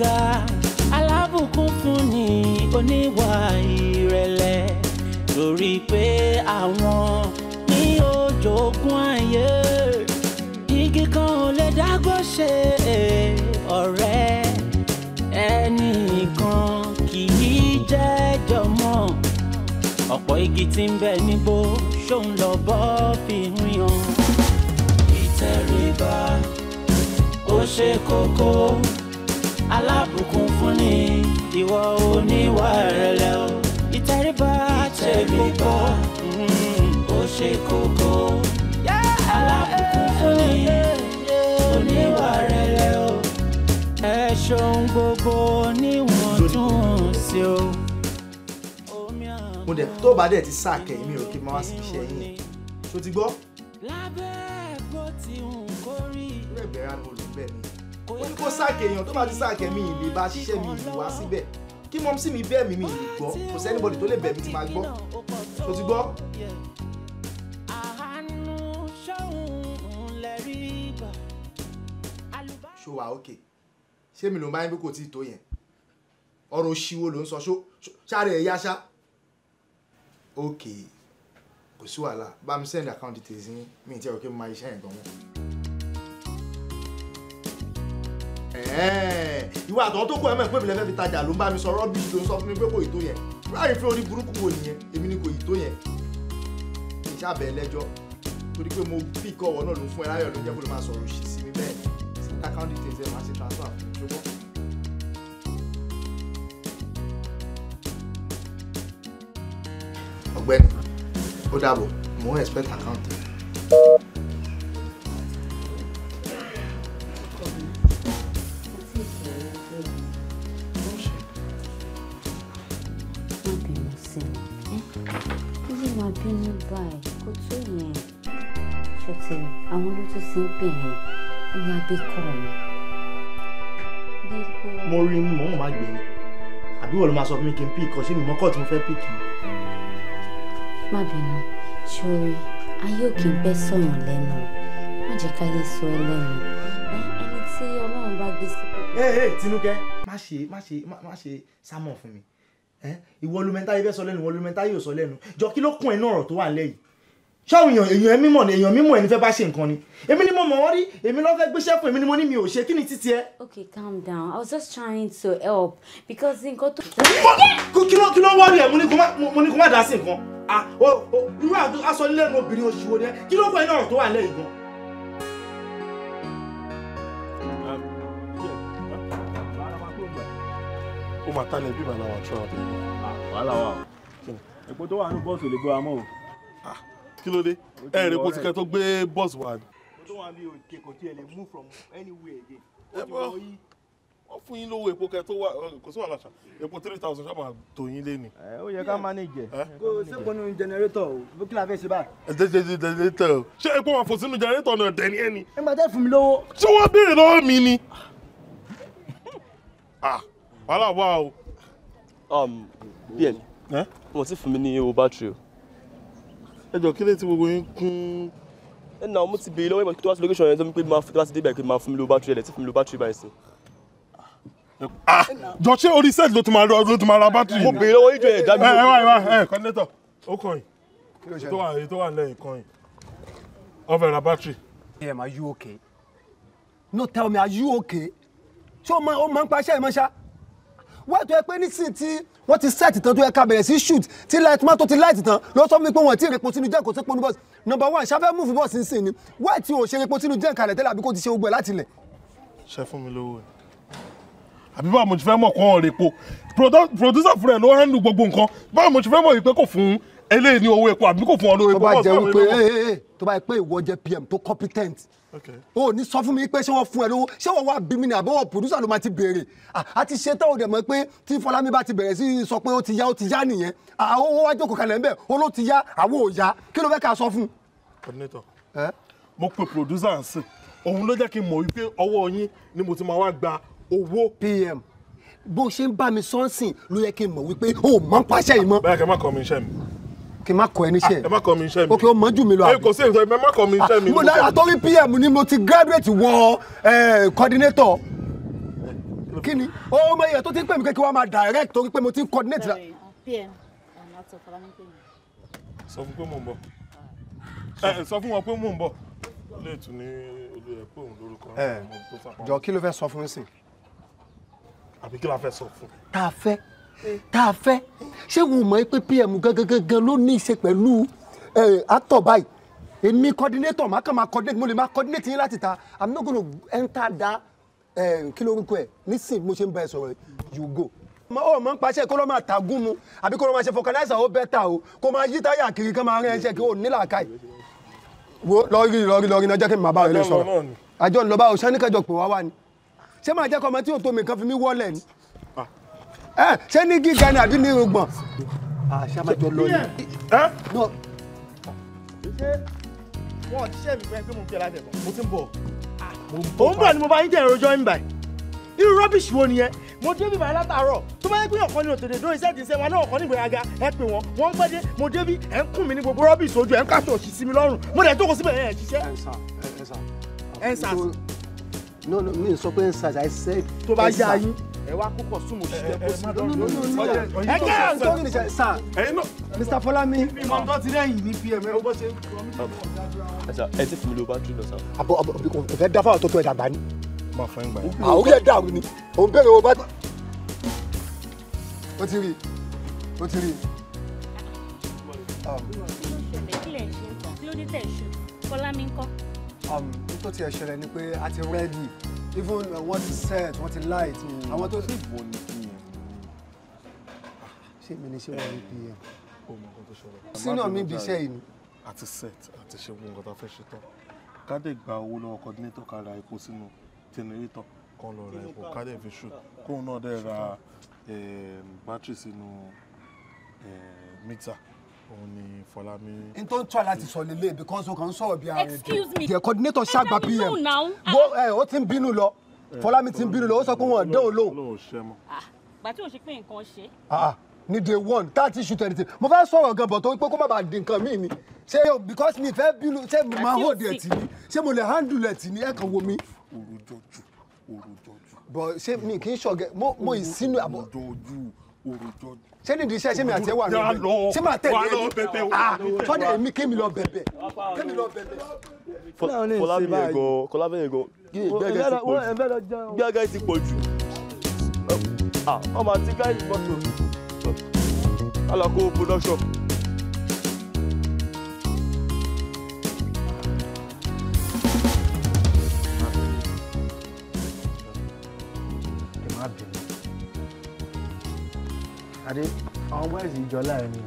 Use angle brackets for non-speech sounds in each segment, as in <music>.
ọ̀gá alábùkún fún ni oníwà ìrẹ̀lẹ̀ torí pé àwọn ní òjòògùn ayé igi kan ò lè dágbó ṣe ọ̀rẹ́ ẹnì kan kì í jẹ́jọ mọ́ ọ̀pọ̀ igi tí ń bẹ níbo ṣóun lọ bọ́ fi hun yan. ìtẹríba ó ṣe kókó ni ìwọ oníwà rẹ̀lẹ̀ o ìtẹríba àtẹ̀kọ́kọ́ mm, ó ṣe kókó alábùkún fún ni oníwà rẹ̀lẹ̀ o ẹ ṣeun gbogbo oníwọ̀ntúnwọ̀nsí o. mo dẹ̀ tó bá dẹ̀ ti sáà kẹ́yìn mi ò kí n máa wá síbi iṣẹ́ yín ṣó ti gbọ́. ó ní kó sáàkì èèyàn tó bá ti sáàkì mi ìlè bá ṣiṣẹ́ mi ìlè wá síbẹ̀ kí mọ́ sí mi bẹ́ẹ̀ mi mi ìlè gbọ́ kò sí anybody tó lè bẹ̀ mi ti máa gbọ́ tó ti gbọ́. ṣó wà ókè ṣé mi ló ń bí kò tí ì tó yẹn ọ̀rọ̀ òṣìwò ló ń sọ ṣó ṣáàrẹ̀ ẹ̀ yáṣá ókè kò sí wàhálà bá mi send account details mi ì kí n máa iṣẹ́ yẹn gan mọ́. ìwà àtọ̀ tó kù ẹ̀ pé ìbílẹ̀ fẹ́ fi tajà ló ń bá mi sọ rọ́bì tó ń sọ fún mi pé kò ì yẹn láàrin fún orí burúkú wo nìyẹn èmi ni kò ì tó yẹn ìṣàbẹ̀ ẹlẹ́jọ́ torí pé mo bí ikọ̀ ọ̀wọ́ náà ló fún ẹ láyọ̀ ló jẹ́ kó lè máa sọ̀rọ̀ òṣì sí mi bẹ́ẹ̀ sí account details máa ṣe transfer ṣùgbọ́n. ọ̀gbẹ́ni ó dàbọ̀ mò ń expect account rẹ̀. síbìyàn ní abíkọ mi. mo rí inú mọ̀mọ́ máa gbé ni àbí wọ́n ló máa sọ fún mi kí n píìkì ọ̀ṣẹ́ mi mọ́kọ́ tí mo fẹ́ píìkì. má bínú ṣorí ayé ò kì í bẹ́ sọ̀yàn lẹ́nu má jẹ́ káyé sọ ẹ lẹ́nu ẹni tí ọlọ́run bá gbé sí. ẹ ẹ Tinúkẹ́ má ṣe má ṣe má ṣe sámọ̀ fún mi ìwọ lómẹ́ntà yìí fẹ́ sọ lẹ́nu ìwọ lómẹ́ntà yìí ò sọ lẹ́nu jọ kí ló kún ẹ náà ọ̀rọ̀ tó wà lẹ́yìn ṣáwọn èèyàn èèyàn mímọ̀ ni èèyàn mímọ̀ ẹni fẹ́ bá ṣe nǹkan ni èmi ni mo mọ̀ wọ́n rí èmi ló fẹ́ gbéṣẹ́ fún èmi ni mo ní mi ò ṣe kí ni títí ẹ. okay calm down i was just trying to help because nǹkan tó. kí ló kí ló wọ́ọ̀rì ẹ̀ mo ní kó má dá sí nǹkan irú aṣọ nílẹ̀ ní obìnrin oṣù wo ni ẹ kí ló kọ́ iná ọ̀rọ̀ tó wà lẹ́yìn gan. ó máa tán ní bíbá náà wà tó wà. wàhálà wa epo tó wà ní bọ́ọ̀sì ò kí ló dé ẹ rí bó ti kẹ tó gbé bọ́ọ̀sì wá. mo tó wà ní òkè kò tiẹ̀ lè move from anywhere again. ó ti wọ́n yí wọ́n fún yín lówó epo kẹ tó wà kò sí wàhálà ṣá epo three thousand ṣáà tó yín lé ni. ẹ ó yẹ ká manage. kò sépò nínú jẹnẹrétọ̀ o bó kí la fẹ́ ṣe báyìí. ẹ jẹjẹ jẹ jẹnẹrétọ̀ o ṣé epo wà fò sínú jẹnẹrétọ̀ náà dẹ̀ ní ẹ ni. ẹ máa tẹ́ fún mi lówó. ṣé wọ́n béèrè lọ́wọ́ mi ni. wàhálà wà o. bí um, ẹ wọ́n ti fún mi ní owó bátìrì o ẹ jọ kílẹ̀ tí gbogbo yín kún. ẹ nà mo ti bèèrè lọ́wọ́ ìmọ̀ tó wá sí location yẹn tó ń pè máa tó bá ti dé ibà pé máa fún mi lo bátìrì ẹ̀ tí fún mi lo bátìrì báyìí sí. Ah! jọ ṣé orí set ló ti máa ló ti máa ra bátìrì. mo bèèrè lọ́wọ́ ìjọ ẹ̀ dábì. ẹ wá ẹ wá ẹ kọ́ndẹ́tọ̀ ó kàn yín èyí tó wà lẹ́yìn kàn yín ó fẹ́ ra bátìrì. am I you okay? no tell me are you okay? ṣé o máa ń paṣẹ́ ìmọ̀ṣá? wẹ́ẹ̀ tó yẹ pé nísìnyí tí wọ́n ti set tán tó yẹ ká bẹ̀rẹ̀ sí shoot tí light man tó ti light tán ló sọ mi pé wọ́n ti rèpo sínú jẹ́ kó tó bọ́ọ̀sì number one ṣáfẹ́ múfù bọ́ọ̀sì ń sìn ni wẹ́ẹ̀ tí ò ṣe rèpo sínú jẹ́ kalẹ̀ tẹ́lẹ̀ àbí kò ti ṣe gbogbo ẹ̀ láti ilẹ̀. ṣe fún mi lówó ni àbí báwo mo ti fẹ́ mọ̀ kọ́ ọ̀ producer fúnra ẹ̀ ló hàn lù gbogbo nǹkan báwo mo ti fẹ́ mọ̀ pé kò fún eléyìí ní owó epo àbí kò fún ọ lówó epo. tó bá jẹ́ wípé eh, eh, eh, tó bá jẹ́ pé ìwọ jẹ́ PM tó competent o ní sọ fún mi pé ṣé wọ́n fún ẹ lówó ṣé wọ́n wá bí mi ní àbọ̀wọ̀ pòdúsà ló máa ti béèrè a ti ṣe tán o dẹ̀ mọ̀ pé tí Fọlámi bá ti bẹ̀rẹ̀ sí sọ pé ó ti yá ó ti yá nìyẹn àwọn owó wájú kò kalẹ̀ ńbẹ̀ ó ló ti yá àwọn ò yá kí ló fẹ́ ká sọ fún. coordinator mo pe pòdúsà ń sìn òun ló jẹ́ kí n mọ̀ wípé ọwọ́ yín ni mo ti máa wá gba owó. pm bó ṣe ń bá mi sọ́nsìn ló yẹ kí n mọ̀ wípé o mọ̀ pàṣẹ yìí mọ́. báyà kẹ́ kí n má kọ ẹ níṣẹ́. ẹ má kọ mi iṣẹ́ mi. ok o mọ jù mí lọ àbí. kò sí ìṣe mi ẹ má kọ mi iṣẹ́ mi. mo lára torí pm ni mo ti graduate wọ coordinator kí ni ó mọ iye tó ti ń pè mí kékeré wa máa direct torí pé mo ti ń coordinate la. pm ọ̀nà tó fọlá ń pè mí. sọ fún pé mò ń bọ̀ sọ fún wọn pé mò ń bọ̀ lè tún ní olú ẹ̀ pé òun lórúkọ ọmọ tó fà. jọ kí ló fẹ́ sọ fún sí. àbí kí la fẹ́ sọ fún. tá a fẹ́ tá a fẹ́ ṣé wọn mọ̀ pé pm gangan ló ní í ṣe pẹ̀lú actor báyìí èmi coordinator máa kàn máa coordinate mo lè máa coordinate yín láti ta i'm not gonna enter that kí lórúkọ ẹ nísìnyí mo ṣe ń bá ẹ sọ̀rọ̀ you go ó mọ̀ ń paṣẹ kó ló máa tàgún mu àbí kó ló máa ṣe fọkànáìsà ó bẹ́tà o kó máa yí táyà kiri kó máa rẹ́ ẹṣẹ́ kí ó nílà ká yìí. wo lọ́rí lọ́rí lọ́rí náà jẹ́ kí n máa bá rẹ lọ sọ̀rọ̀ àjọ ńlọba ọ̀sán ní kẹjọ pé wá wà ní. ṣé máa jẹ́ kọ́ ọmọ tí yóò tó mi kan fi mí wọ́lẹ̀ ni ẹ ṣé ní gíga ni àbí ní irùngbọ̀n. àṣà máa jọ lọ ni. ṣé wọn ti ṣe mi pé mo fi ẹ láti ẹ̀kọ́ mo ti ń bọ̀. mo ń bọ̀ ni mo bá yín jẹ́ ìròjọ́ yín báyìí irú rọ́bìṣì wo nìyẹn mo dé bíbá látàárọ̀ tó bá yẹ pé ọ̀kan ní òtòdè dórí sẹ́ẹ̀tì sẹ́ẹ̀ wọn náà ọ̀kan nígbà aga ẹ pè wọ́n wọ́n pẹ́ dé mo dé bí ẹ̀ ń kùn mí ní gbogbo rọ́bìṣì ojú ẹ̀ ń kàtó òṣì sí mi lọ́rùn mo dẹ̀ jókòó síbẹ̀ ẹ̀ ṣiṣẹ́. ẹ̀ńsà ẹ̀ńsà. no no mi n sọ pé ẹ̀ńsà i said. tó bá yá yín ẹ wá púpọ̀ súnmù sí ẹ kó sí lọ́dún. ẹ jẹ́ à ń tọ́jú nìṣẹ́ sà Mr. Fọlámi. ìmọ̀ tó ti rẹ́yìn ní pm ẹ bó ṣe ń kọ́ ẹ ti fún mi ló bá lọ sá. àbọ̀ fẹ́ dáfà tó ẹ̀ dàgbà ni. máa fẹ́ gbà yín. àwọn yẹn dàrú ni òun bẹ̀rẹ̀ owó bá. ó ti rí ó ti rí. kí ló dé tẹ̀ ṣe Fọlámi ń kọ́. nítorí ẹ̀ ṣẹlẹ̀ ni pé a ti rẹ́ẹ̀dì even wọ́n ti set wọ́n ti light àwọn tó ti bọ̀ ní kí ni. ṣé See me ṣé wọ́n ní pm. o mọ nǹkan tó ṣọ̀rọ̀. sínú mi bí iṣẹ́ yìí. àti set àti ṣe gbogbo nǹkan tá a fẹ́ ṣe tán kádé gba owó lọ́wọ́ coordinator ká ra epo sínú generator kan lọ ra epo kádé fi shoot kóun náà dẹ̀ ra eh, battery sínú eh, mítà òun ni Fọlámi. n tó ń tọ́ láti sọ lélẹ̀ because o kàn ń sọ̀rọ̀ bí ara rẹ̀. excuse me the coordinator ṣàgbà pm wo ẹ o ti ń bínú lọ Fọlámi ti ń bínú lọ ó sọ pé wọn ò dé òun lóhùn. Ah, gbà tí o ṣe pé nǹkan ṣe. Ah, ah, ní day one thirty shoot anything mo fẹ́ sọ̀rọ̀ gan bọ̀ tó pé kó má bàa di nǹkan mí ni ṣé o because mi fẹ́ bínú ṣé mo máa hold ẹ̀ tì ní ṣé mo lè handle ẹ̀ tì ní ẹ̀ kàn wo mi. òròjọ́jú òròjọ́jú. bọ̀ ṣé mi kì í ṣọ̀gẹ̀ mo ìsínú àbọ̀. òròjọ́jú òròjọ́jú ṣé nídìí iṣẹ́ ṣé mi àti ẹ wà lọ ṣé ah, mi àtẹ̀ ẹ̀ ah tọ́jà èmi kémi lọ bẹ̀bẹ̀ kémi lọ bẹ̀bẹ̀. kọlábìyẹ gan kọlábìyẹ gan gbẹ́gẹ́ ti pọ̀ jù ọmọ àti gáì mọ́tò alako production. adé àwọn boys ìjọlá ẹ̀ ni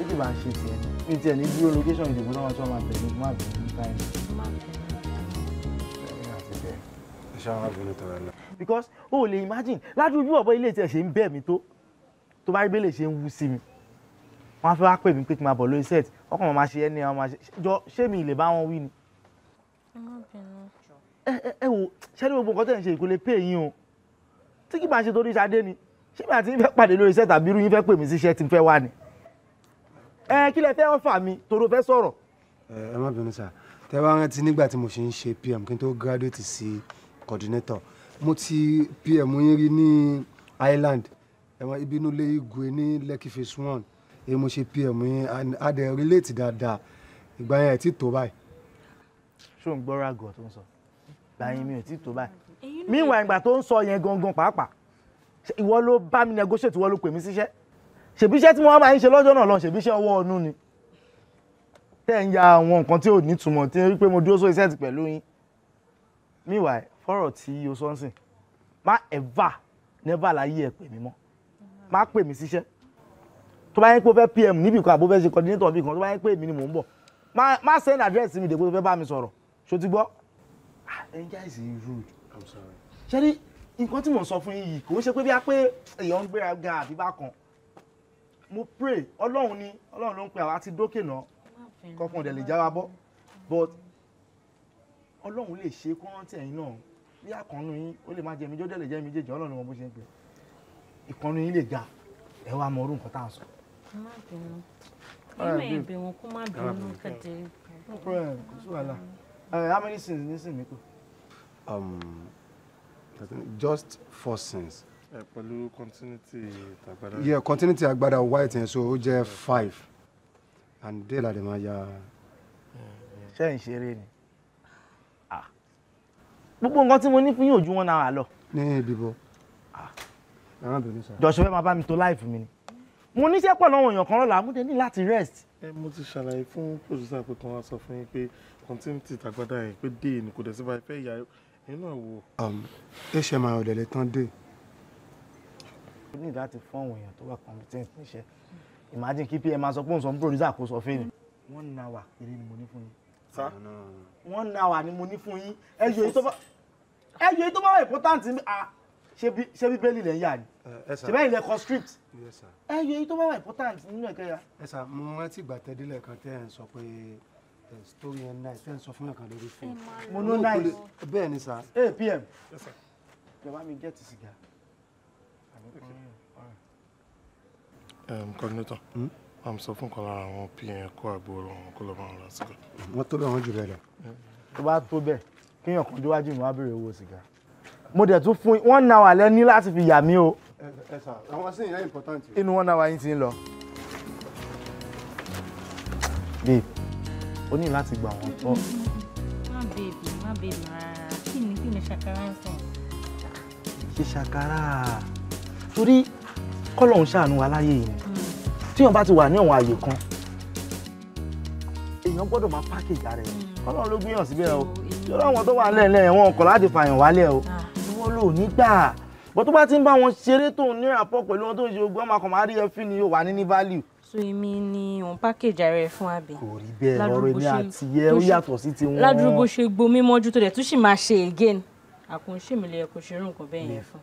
ó ti bá ń ṣe tiẹ̀ ní tiẹ̀ ní dúró location ìdìbò náà wọ́n tún máa bẹ̀rẹ̀ fún àbẹ̀rẹ̀ ní táìmù. because o oh, lè imagine ládùúgbò bí ọ̀bọ ilé tiẹ̀ ṣe ń bẹ̀ mí tó tó bá rí bẹ́ẹ̀ lè ṣe ń wú sí mi wọ́n á fẹ́ wá pè mí pé kí n máa bọ̀ lórí set ọkàn wọn máa ṣe ẹni àwọn máa ṣe jọ ṣé mi lè bá wọn wí ni. ẹ ẹ wo ṣé ní gbogbo nǹkan tẹ̀ ń ṣe ìkólé pé yín o tí kì bá ṣe torí ṣadé ni ṣé mi àti yín fẹ́ pàdé lórí iṣẹ́ tàbí irú yín fẹ́ pè mí síṣẹ́ tí n fẹ́ wá ni. ẹ kí lẹ fẹ́ ọ̀fà mi tòró fẹ́ sọ̀rọ̀. ẹ má bínú sá tẹ bá rántí nígbà tí mo ṣe ń ṣe pm kí n tó graduate sí coordinator mo ti pm yín rí ní island ẹ̀wọ̀n ibi inú ilé igwe ní lekki phase one èyí mo ṣe pm yín adẹ relate dáadáa ìgbà yẹn ẹ̀ tí tó báyìí. ṣó ń gbọ́rọ̀ àgọ̀ tó ń sọ gbà yín mi ò tí tó báyìí. mi ìwà ìgbà tó ń sọ yẹn gangan pàápàá ìwọ ló bá mi negotiate ìwọ ló pè mí síṣẹ́ ṣèbí iṣẹ́ tí wọ́n máa ń ṣe lọ́jọ́ náà lọ ṣèbí iṣẹ́ ọwọ́ ọ̀nù ni tẹ́ ń ya àwọn nǹkan tí ò ní túmọ̀ tí wípé mo dúró sórí set pẹ̀lú yín meanwhile fọ́rọ̀ tí o sọ ń sìn má ever never láyé ẹ̀ pè mí mọ́ má pè mí síṣẹ́ tó bá yẹ pé o fẹ́ pm níbì kan àbó fẹ́ ṣe coordinator níbì kan tó bá yẹ pé èmi ni mò ń bọ̀ má send address mi dèbò tó fẹ́ bá mi sọ̀rọ̀ ṣó ti ah, rude I'm sorry ṣé nǹkan tí mò sọ fún yìí kò ń ṣe pé bí a pé èèyàn ń gbéra ga àbí bákan mo pray ọlọ́run ni ọlọ́run ló ń pe àwa ti dókè náà kọ́kàn dẹ̀ lè já wa bọ́ but ọlọ́run lè ṣe kó rántí ẹ̀yin náà bí àkànnù yín ó lè má jẹ́ mi jó dẹ̀ jẹ́ mi jẹ́jọ́ ọlọ́run wọn bó ṣe ń pè ìkànnù yín lè ga ẹ wá mọ orú nǹkan tá à ń sọ. má bínú wọn kó má bínú kẹ́tẹ́. no problem kò sí wàhálà how many sins ní sìn mi kù just four sins. ẹ pẹ̀lú continuity agbada. yeah continuity agbada white yẹn so ó jẹ́ five and dale adema ya. ṣé ń ṣeré ni ah. gbogbo nǹkan tí mo ní fún yín ojú wọn náà lọ. ní ibi bọ jọ̀ṣọ́ fẹ́ máa bá mi tó láìfù mi ni mo níṣẹ́ pọ̀ lọ́wọ́ èèyàn kan lọ́la amúdé ní láti rest. ẹ mo ti ṣàlàyé fún pòṣùsà pé kan wá sọ fún yín pé continuity tàgbádá yẹn pé dé ni kò dẹ̀ sí báyìí fẹ́ ìyá nínú àwo. ẹ ṣe um, máa ọ̀dẹ̀lẹ̀ tán dé. ó ní láti fún àwọn èèyàn tó wà competent níṣẹ́ imagine kí pm sọ pé òun sọ producer kò sọ fẹ́ẹ̀lì wọ́n na wà kiri ni mo ní fún yín. wọ́n na wà ni mo ní fún yín ẹ yọ èyí tó bá wà important mi ṣe bíbélì lẹ́yìn àná ṣe bẹ́ẹ̀ ilẹ̀ kọ script ẹ èyí tó bá wà important nínú ẹ̀kẹ́ ya. ẹ sà mo rántí ìgbà tẹ́dílẹ̀ kan tẹ́ ẹ̀ ń sọ pé story yẹn náà ṣe ń sọ fún ẹ̀kan lórí fún mi. mo ní náà bẹ́ẹ̀ ni sà. eight pm jọba mi gẹ́ẹ̀tì sìgá. kọ́ndínẹ́tọ̀ àmì sọ fún kan lára àwọn pm kó àgbo ọ̀rọ̀ wọn kó lọ́ọ́ máa ra sìgá. wọ́n tó bẹ́ẹ̀ wọ́n jù bẹ́ẹ̀ lọ. tó bá tó bẹ́ẹ̀ kéèyàn kan déwájú mi wá béèrè owó sìgá. mo dẹ̀ tún fún one hour lẹ́ ní láti fi yà mí o. ẹ sà àwọn sí ìyá important. inú one hour yín ti ń lọ. o ní láti gbà wọ́n tọ́. má bèbè má bèbè rárá kí ni kí ni ṣàkárà ń sàn. ṣe ṣàkárà torí kọ́lọ́hún ṣàánú wa láyé yìí hmm. tíyàn bá ti wà ní àwọn àyè kan èèyàn gbọ́dọ̀ máa pákéjì ara ẹ̀ hmm. kọ́lọ́hún ló gbéyàn síbẹ̀ o yọ̀rọ̀ àwọn tó wà lẹ́ẹ̀lẹ́ wọn kọ̀ láti fàyàn wálẹ̀ o ah. ìwọ ló ní gbà bó tó bá ti ń bá wọn ṣeré tó ń ní àpọ̀ pẹ̀lú wọn tó ń ṣe ogun ọmọ àríyẹ fi ni yóò wà ní ní value so èmi ni òun package ara ẹ̀ fún àbí. kò rí bẹ́ẹ̀ ọ̀rọ̀ èmi àti ẹ ó yàtọ̀ sí ti wọn. ládùúgbò bó ṣe gbo mímọ́jú tó dẹ̀ tún sì máa ṣe again àkùnṣe mi lè kò ṣe irú nǹkan bẹ́ẹ̀ yẹn fún.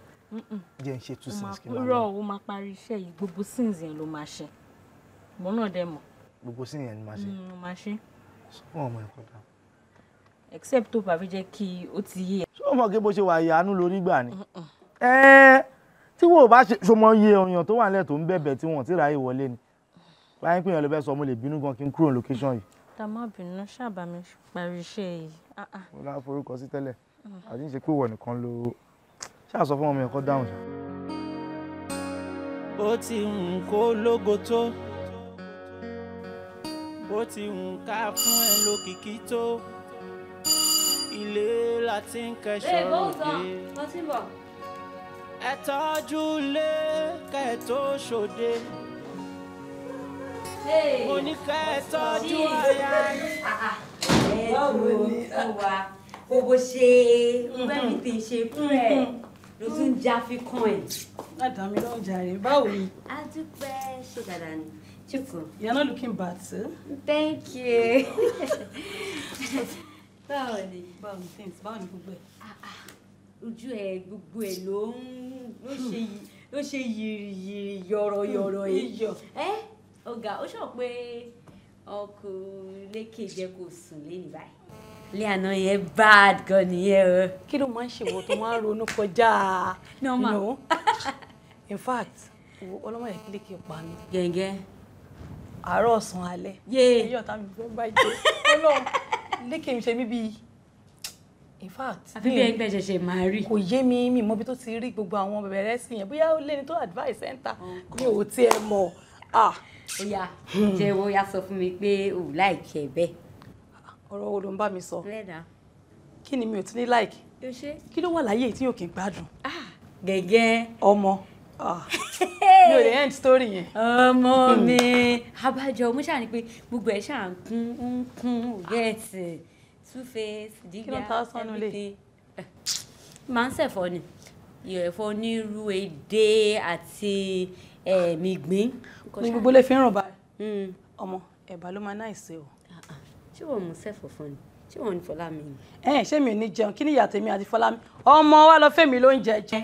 jẹ́ ń ṣe two sins kí n máa lọ. rọ o máa parí iṣẹ́ yìí gbogbo sins yẹn ló máa ṣe mo náà dẹ̀ mọ̀. gbogbo sins yẹn ló mm, máa ṣe. mo máa ṣe. sọ fún ọmọ ẹ̀kọ́ dáa except tó bá fi jẹ́ kí ó ti yé. ṣé o mọ̀ kí bó ṣe wà ìyanu lórí gbà ni. tí wọ́n bá ṣe mọ iye ọ̀yàn tó wà nílẹ̀ tó ń bẹ̀bẹ̀ tí wọ́n ti ráyè wọlé ni báyìí pé èèyàn ló fẹ́ sọ mo lè bínú gan kí n kúrò location yìí. ta bínú ṣáàbà parí iṣẹ́ yìí. Ah, ah. mo lá forúkọ sí tẹ́lẹ̀ mm. àti ń ṣe pé ìwọ nìkan ló ṣáà fún ọmọ yẹn kó dáhùn ó ti ń kó lógo tó ó ti ń ká fún ẹ lókìkí tó ilé láti ń kẹsàn-án òde. ẹ gbọ́dọ̀ wọ́n ti bọ̀. ẹ tọ́jú lé kẹ́ tó ṣòde mo ní kẹ́ ẹ tọ́jú ara yín. Ah, ah. ẹ tó wa bó bó ṣe bẹ́ẹ̀ni tí ń ṣe fún ẹ ló tún já fi kàn ẹ. ládàá mi lọ́ọ́ jàre báwo ni. a dúpẹ́ ṣe dáadáa ni. Chuku. You're not looking bad, sir. Thank you. <laughs> Báwo ni? Báwo ni things? Báwo ni gbogbo ẹ̀? Ah, Ojú ẹ̀ gbogbo ẹ̀ ló ń ló ṣe yìrìyìrì yọ̀rọ̀yọ̀rọ̀ yìí. Iyọ̀. Ẹ́ ọ̀gá ó sọ pé ọkùnrin kejì kò sùn lẹ́nu báyìí ilé àná yẹn bad gan nìyẹn o. kí ló máa ń ṣèwọ tó máa ń ronú kọjá normal in fact ọlọ́mọ yẹn kílé kí n pa mí. gẹ́gẹ́. àárọ̀ ọ̀sán alẹ́. yéé ẹyọ tá mi fẹ́ báyìí ọlọ́run lékè mi ṣe mí bíi in fact. àfi bí ẹgbẹ́ ṣẹ̀ṣẹ̀ máa rí. kò yé mi mi mọ bí tó ti rí gbogbo àwọn bẹ̀rẹ̀ sí yẹn bóyá ó lé ní tó advice center oh, mi ò tiẹ̀ mọ̀. Ah. oya jẹ oya sọ fún mi pé o láìkì ẹ bẹ́ẹ̀. ọ̀rọ̀ wo ló ń bá mi sọ kí ni mi ò tún ní láìkì kí ló wà láyé tí yóò kí n gbádùn. Ah, gẹ́gẹ́ ọmọ ah. mi ò lè end story yẹn. ọmọ hmm. mi abájọ mo ṣáà ní pé gbogbo ẹ ṣáà ń kún ń kún gẹẹsì two face dígbà everything máa ń ṣẹ̀fọ́ ni ìrẹ̀fọ́ onírú èdè àti ẹ̀ẹ̀mí eh, gbìn kọ́ gbogbo lè fi ràn bá hmm. ọmọ ẹ̀bà ló máa náà ìṣe o. Ah, ah. ṣé wọn mú sẹ́fọ̀ fún ni ṣé wọn ní fọlámi ni. ẹ ẹ ṣé mi ní jẹun kí ni ìyá tèmi àti fọlámi ọmọ wa lọ fẹmi ló jẹ jẹ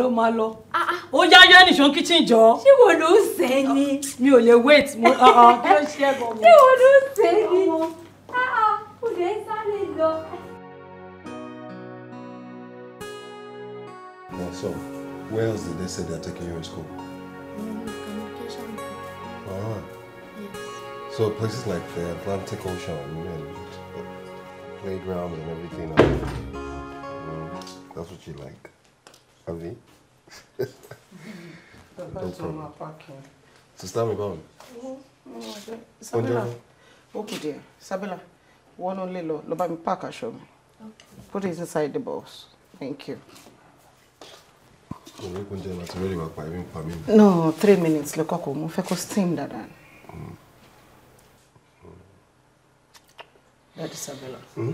ló máa lọ. Ah, ó yá yọ ẹnì kíchìn jọ. ṣé wo ló ń sẹ́ ni. mi ò lè wait mo kí ló ṣe é bọ̀ ṣé wo ló ń sẹ́ ni. kò dé sáré lọ. So, where else did they say they're taking you to school? Mm. So places like the Atlantic Ocean and playgrounds and everything. Mm, that's what you like, Avi. <laughs> no problem. Sister Mibon. Sabella. Okay, dear. Sabella, one only lo. Lo me mi a show me. Put it inside the box. Thank you. No, three minutes. Look, mo fẹ́ to steam that. Mm. Lord Isabella. Hmm?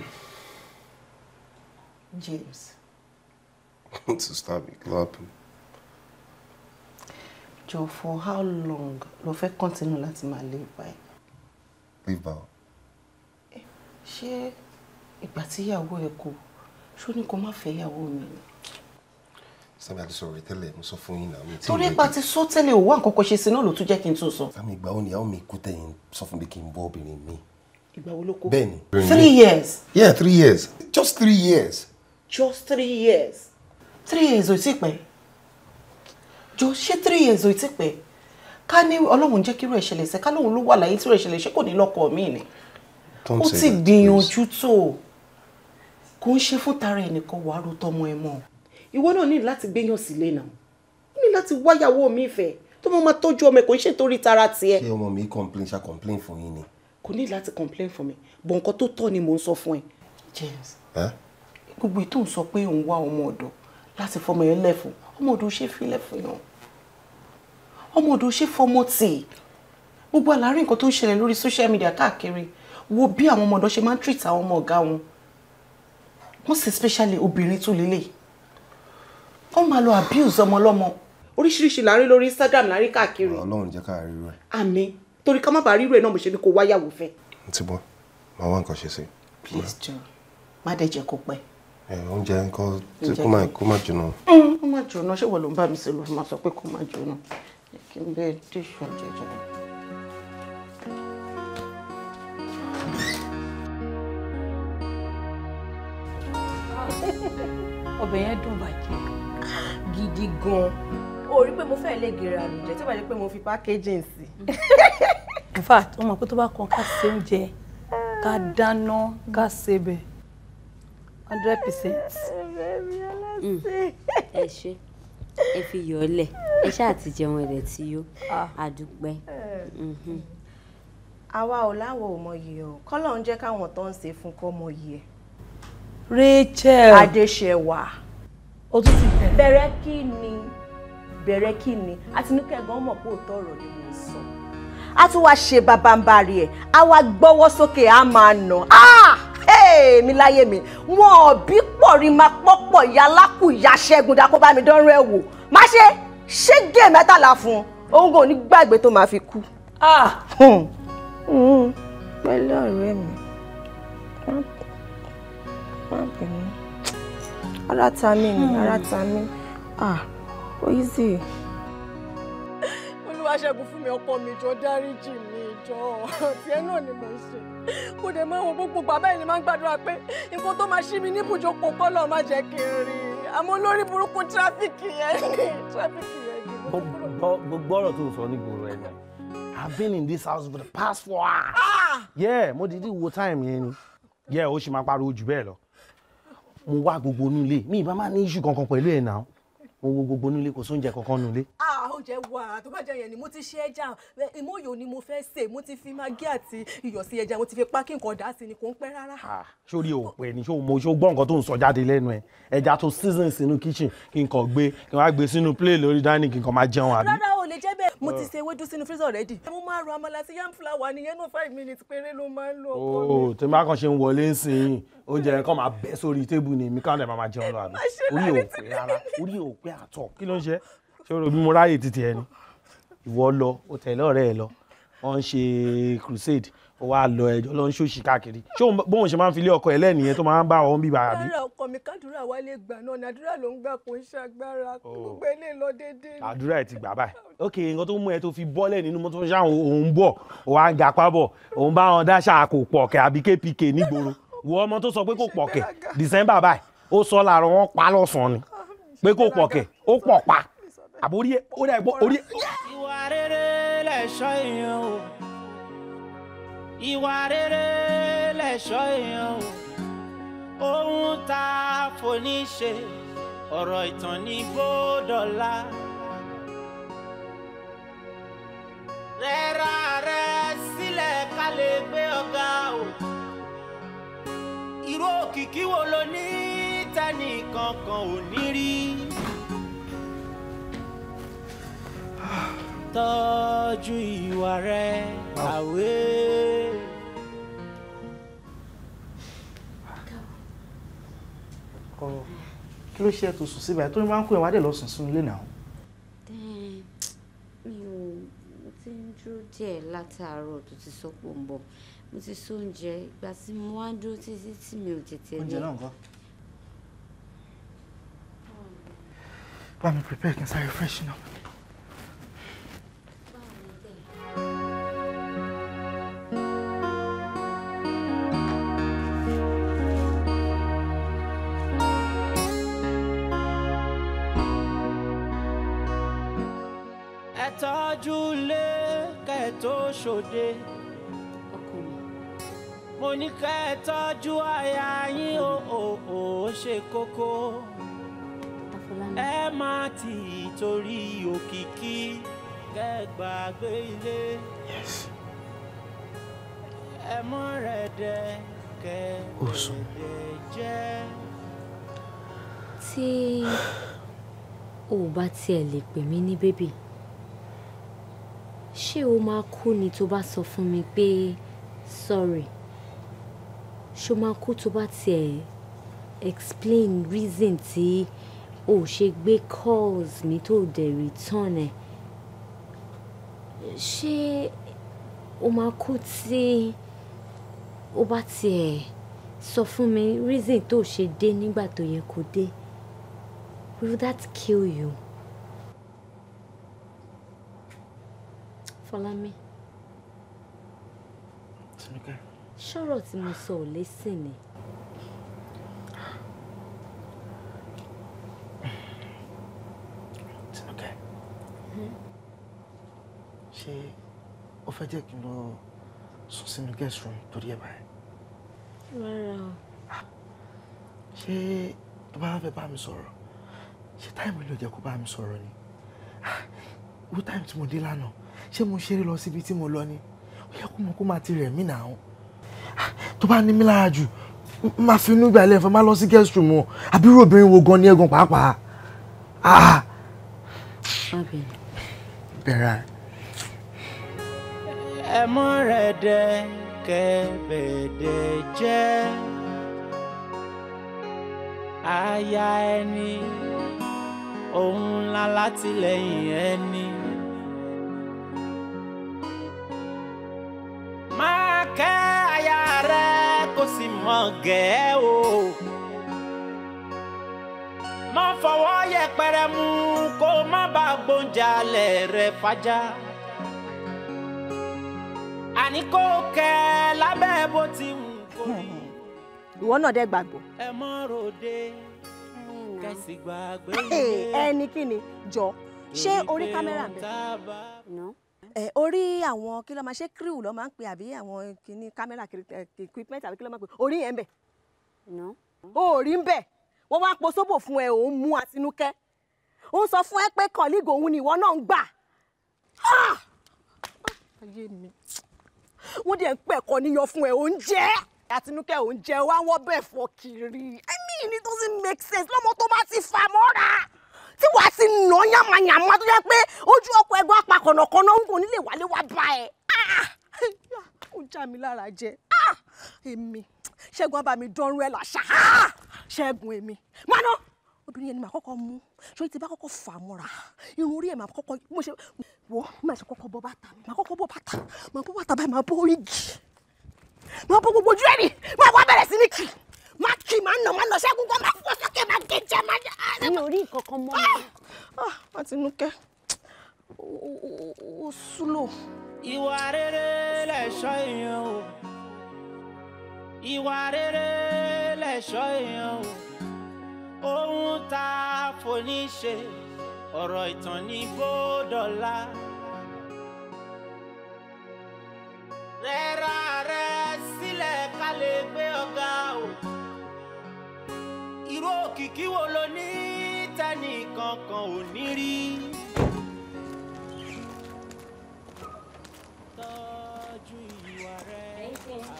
James. Sister, it will happen. Joe, for how long lo fẹ́ continue láti máa live by? Live by? Eh, ṣé ìgbà tí ìyàwó ẹ̀ kú, ṣó ní kó má fẹ́ ìyàwó mi ni? Sábà ti sọ̀rọ̀ tẹ́lẹ̀, mo sọ fún yín náà. Torí ipa ti sọ tẹ́lẹ̀ òwú àkọ́kọ́ ṣe sí náà ló tún jẹ́ kí n tún sọ. Sámi ìgbà ó ní àwọn mi kú tẹ̀yìn sọ fún mi kí n bọ́ obìnrin mi ìgbà wo three years. yeah three years just three years. just three years three years O tí pẹ́ jọ ṣé three years O tí pẹ́ ká ní ọlọ́run jẹ́ kí irú ẹ̀ ṣẹlẹ̀ ṣe ká lóun ló wà láyé tí irú ẹ̀ ṣẹlẹ̀ ṣe kò ní lọ́kọ mi ni ó ti gbìyànjú tó kò ń ṣe fún tara ẹnìkan wàá ro tọmọ ẹ mọ́ ìwọ náà ní láti gbéyàn sílé náà ó ní láti wáyàwó mi fẹ́ tó mọ máa tọ́jú ọmọ ẹ kò ń ṣètò orí tara tiẹ̀. ṣé ọmọ mi complain ṣá complain fún yín ni kò ní láti complain for me. bọ̀ nǹkan tó tọ́ ni mò ń sọ fún ẹ. James gbogbo ètò ń sọ pé òun wá ọmọ ọ̀dọ̀ láti fọmọ yẹn lẹ́fọ̀ ọmọ ọ̀dọ̀ ṣe filẹ̀ fún yàn ọmọ ọ̀dọ̀ ṣe fọmọ tì gbogbo àlárí nǹkan tó ń ṣẹlẹ̀ lórí social media káàkiri wo bí àwọn ọmọ ọ̀dọ̀ ṣe máa ń treat àwọn ọmọ ọ̀gá wọn wọ́n sì especially obìnrin tó lélẹ̀ wọ́n máa lọ abuse ọmọ ọlọ́mọ oríṣiríṣi láàrin lórí Instagram láàrin káàkiri Ọlọ́run jẹ́ ká rẹ̀ àmín torí ká má bàa rírò ẹ̀ náà mo ṣe ni kò wáyàwó fẹ́. mo ti bọ màá wá nǹkan ṣe sí. please jọ má dẹ̀ jẹ́ kó pẹ́. ẹ oúnjẹ nǹkan tí kò má kó má jóná. Mm, kó má jóná ṣé wọ́n ló ń bá mi ṣe ló fi máa sọ pé kó má jóná kí n bẹ́ẹ̀ dé ṣọ́ jẹjọ́. <laughs> ọbẹ̀ yẹn dùn bàjẹ́ gidi gan-an o pé mo fẹ́ lè gèrè àlùjẹ tí ó bá jẹ́ pé mo fi packaging sí. in fact ó mọ̀ pé tó bá kan ká ṣe oúnjẹ ká dáná ká ṣebẹ̀ hundred percent. Mm. ẹ ṣe ẹ fi yọ̀ ọ́ lẹ̀ ẹ ṣáà ti jẹun ẹ̀rẹ̀ tí yó àdúpẹ́ ah. mm-hmm. àwa ò láwọ ò mọyì o kọlọ ń jẹ́ káwọn tó ń ṣe fún kọ mọyì ẹ. Rachel Adéṣẹwà. o tún ti bẹ̀rẹ̀. bẹ̀rẹ̀ kí ni bẹ̀rẹ̀ kí ni àtinúkẹ́ gan mọ̀ pé òótọ́ ọ̀rọ̀ ni mo ń sọ a tún wáá ṣe babambari ẹ̀ a wá gbọ́wọ́ sókè a máa nà èmi ah! láyé mi wọn ò bí pọ̀rí máa pọ́pọ̀ ìyá alákùyà ṣẹ́gun dákó bá mi dánrọ́ ẹ̀ wò má ṣe ṣé géè mẹ́tàlá fún un òun kò ní gbàgbé tó máa fi kú. Ah! Hmm. Hmm. pẹ̀lú ọ̀rẹ́ mi má bínú ara ta mí ni hmm. ara ta mí. Ah kò easy. olúwaṣẹ́gun fún mi ọkọ mi jọ dáríjì mi jọ tiẹ̀ náà ni mo ṣe kò dé máa wo gbogbo bàbá ẹni máa ń gbàdúrà pé nǹkan tó máa ṣí mi níbùjókòó kọ́lọ̀ má jẹ́ kí n rí àmọ́ lórí burúkú tráfíkì yẹn ni tráfíkì yẹn ni. gbogbo ọ̀rọ̀ tó sọ ní gbòòrò ẹ̀ náà I've been in this house for the past four hours. Ah! Yeah, mo dìde wo time yẹn ni. Yeah, ó ṣì máa pariwo jù bẹ́ẹ̀ lọ. Mo wá gbogbo inú ilé, mi ìbá máa ní issue kankan pẹ̀lú ẹ̀ náà mo wo gbogbo nílé kò sóúnjẹ kankan nulẹ̀. a oúnjẹ wà tó bá jẹ yẹn ni mo ti ṣe ẹja ìmọ̀yò ni mo fẹ́ sè mo ti fi magí àti iyọ̀ ẹja mo ti fi pákí nǹkan dà sí ni kò ń pẹ́ rárá. sórí òpè ni ṣó mo gbọ́ nǹkan tó ń sọ jáde lẹ́nu ẹ̀ ẹja tó season sínú kitchen kí n kàn gbé kí n wá gbé sínú play lórí dining kí n kàn máa jẹun àbí. rárá ò lè jẹ́ bẹ́ẹ̀ mo ti ṣe ah. ewédú sínú freezer already. mo máa ro àmàlà sí yam flour nìyẹn náà five minutes péré ló máa ń lò. ooo oh, tí má kàn ṣe ń wọlé ń sìn oúnjẹ yẹn kàn máa bẹ́ sórí tébù ni mi kàn lè máa jẹun lọ àná orí ò pé orí ò pé kí ló ń ṣe ṣé o rò bí mo ráyè títí ẹni ìwọ lọ o tẹ̀lé ọ̀rẹ́ ẹ lọ wọ́n ń ṣe crusade ó wá lọ ẹjọ́ lọ ń ṣòṣì káàkiri ṣé bóun ṣe máa ń fi ilé ọkọ ẹ lẹ́nìyẹn tó máa ń bá ọ̀hún bíbá àbí. rárá ọkọ mi kádùrà wa gbà náà ní ló ń gbà kó ń ṣàgbára oh. gbogbo ilé lọ déédéé. àdúrà ẹ ti gbà báyìí ok nǹkan tó mú ẹ tó fi bọ́lẹ̀ nínú mọ́tò ṣáà òun bọ̀ òun á ga pábọ̀ òun bá wọn dá ṣáà kò àbí kpk nígboro wọ ọmọ tó sọ pé kò pọ̀ December báyìí ó sọ làárọ̀ wọn pa lọ́sàn-án ni pé kò pọ̀ kẹ́ ó pọ̀ pa ìwà rere lẹ̀ṣọ́ èèyàn o ohun tá a fò ní ṣe ọ̀rọ̀ ìtàn ní bódọ́lá. rẹ́ra rẹ sílẹ̀ ká lè gbé ọ̀gá o irú òkìkí wo lo ní tẹ́nìkankan ò ní rí tọ́jú ìwà rẹ àwé. kí ló ṣe ètò sùn síbẹ̀ tó ní máa ń kó ìwà dé lọ sùn sínú ilé náà. mi ò mo ti ń dúró díẹ̀ látàárọ̀ tó ti sọ pé ń bọ̀ mo ti sọ oúnjẹ ìgbà tí mo wá dúró títí tí mi ò tètè lé. oúnjẹ náà prepare kí n sáré fresh náà. ṣe kókó ẹ má tì í torí òkìkí kẹgbàgbé ilé ẹ mọ́ rẹ̀ dẹ kẹrẹ̀dẹ̀ jẹ́. tí o bá tiẹ̀ lè pè mí ní bébì ṣé o máa kú ni tó bá sọ fún mi pé sorry ṣó máa kú tó bá tiẹ̀ explain reason tí o ṣe gbé calls mi to dẹ̀ return ẹ̀. Ṣé o máa kú tí o bá ti sọ fún mi reason tó ṣe dé nígbà tó yẹ kó dé? Will that kill you? Folami. Tinuke. Ṣọ́rọ̀ tí mo sọ ò lésì ni. ṣé o fẹ́ jẹ́ kí n lọ sùn sínú guest room torí ẹ̀ báyìí. rárá o. Ah, ṣé tó bá fẹ́ bá mi sọ̀rọ̀ ṣé táìmù ló jẹ́ kó bá mi sọ̀rọ̀ ni ah, wú táìmù tí mo dé lánàá ṣé mo ṣeré lọ síbi tí mo lọ ni ó yẹ kó mo kó máa ti rẹ̀ mí nà án ah, tó bá ní mí lára jù máa fi inú gbà ilé ẹ̀fọ́ máa lọ sí guest room wọn àbúrò obìnrin wo gan ni ẹ̀gbọ́n pàápàá. bẹ̀rẹ̀ ẹ mọ̀rẹ̀dẹ̀ kẹ̀bẹ̀dẹ̀ jẹ́ aya ẹni òun la látìlẹ́yìn ẹni. máa kẹ́ aya rẹ kó sì mọ gẹ̀ẹ́ o má fọwọ́ yẹpẹrẹ mú kó má bàa gbóúnjalè rẹ fàjà ní kò kẹ́ lábẹ́ bó ti wù kó yí. ìwọ náà dẹ́ gbàgbọ́. ẹ mọ ròde hmm. kẹsì gbàgbé ilé. ẹni kí ni jọ ṣé orí kámẹ́rà bẹ́ẹ̀ orí àwọn kí ló máa ṣe crew ló máa ń pè àbí àwọn kíní kámẹ́rà equipment àbí kí ló máa ń pè orí yẹn ń bẹ. orí ń bẹ wọ́n wá po sóbò fún ẹ òun mú àtinúkẹ́ ó ń sọ fún ẹ pé kọ̀ọ̀lì gòun ni ìwọ náà ń gbà wọ́n dẹ̀ ń pẹ̀kọ́ níyan fún ẹ oúnjẹ àtinúkẹ́ oúnjẹ wa wọ́n bẹ̀ fọ́ kiri i mean it doesn't make sense lọ́mọ tó bá ti fà mọ́ra tí wàá ti nà yàmàyàmà tó jẹ́ pé ojú ọkọ̀ ẹgbẹ́ apakọ̀nàkọ̀nà ń kò nílé wálé wá bá ẹ ah! ó já mi lára jẹ ah! èmi ṣẹ́gun abàmì dánrú ẹ̀ làṣà ah! ṣẹ́gun èmi máná obìnrin yẹn ni màá kọ́kọ́ mú ṣé ti bá kọ́kọ́ fà á mọ́ra irun orí ẹ̀ màá kọ́kọ́ mo ṣe wọ́ màá ṣe kọ́kọ́ bọ́ bàtà màá kọ́kọ́ bọ́ bàtà màá bọ́ bàtà báyìí màá bọ́ igi màá bọ́ gbogbo ojú ẹ̀ ni màá wá bẹ̀rẹ̀ sí ní kì máa kì máa nà máa nà ṣẹ́gun kọ́ máa fọ́ sókè máa gẹ̀jẹ̀ máa jẹ́ mi ò rí nǹkan mọ́ ah, ah, mi. Àtinúkẹ́ ó súlò. ìwà rere lẹ̀ṣọ́ èèyàn o ìwà rere lẹ̀ṣọ́ èèyàn o ohun tá a foni ṣe ọ̀rọ̀ ìtàn ní bódọ́lá. rẹ́ra rẹ sílẹ̀ ká lè gbé ọ̀gá o irú òkìkí wo lo ní tẹ́nìkan kan ò ní rí.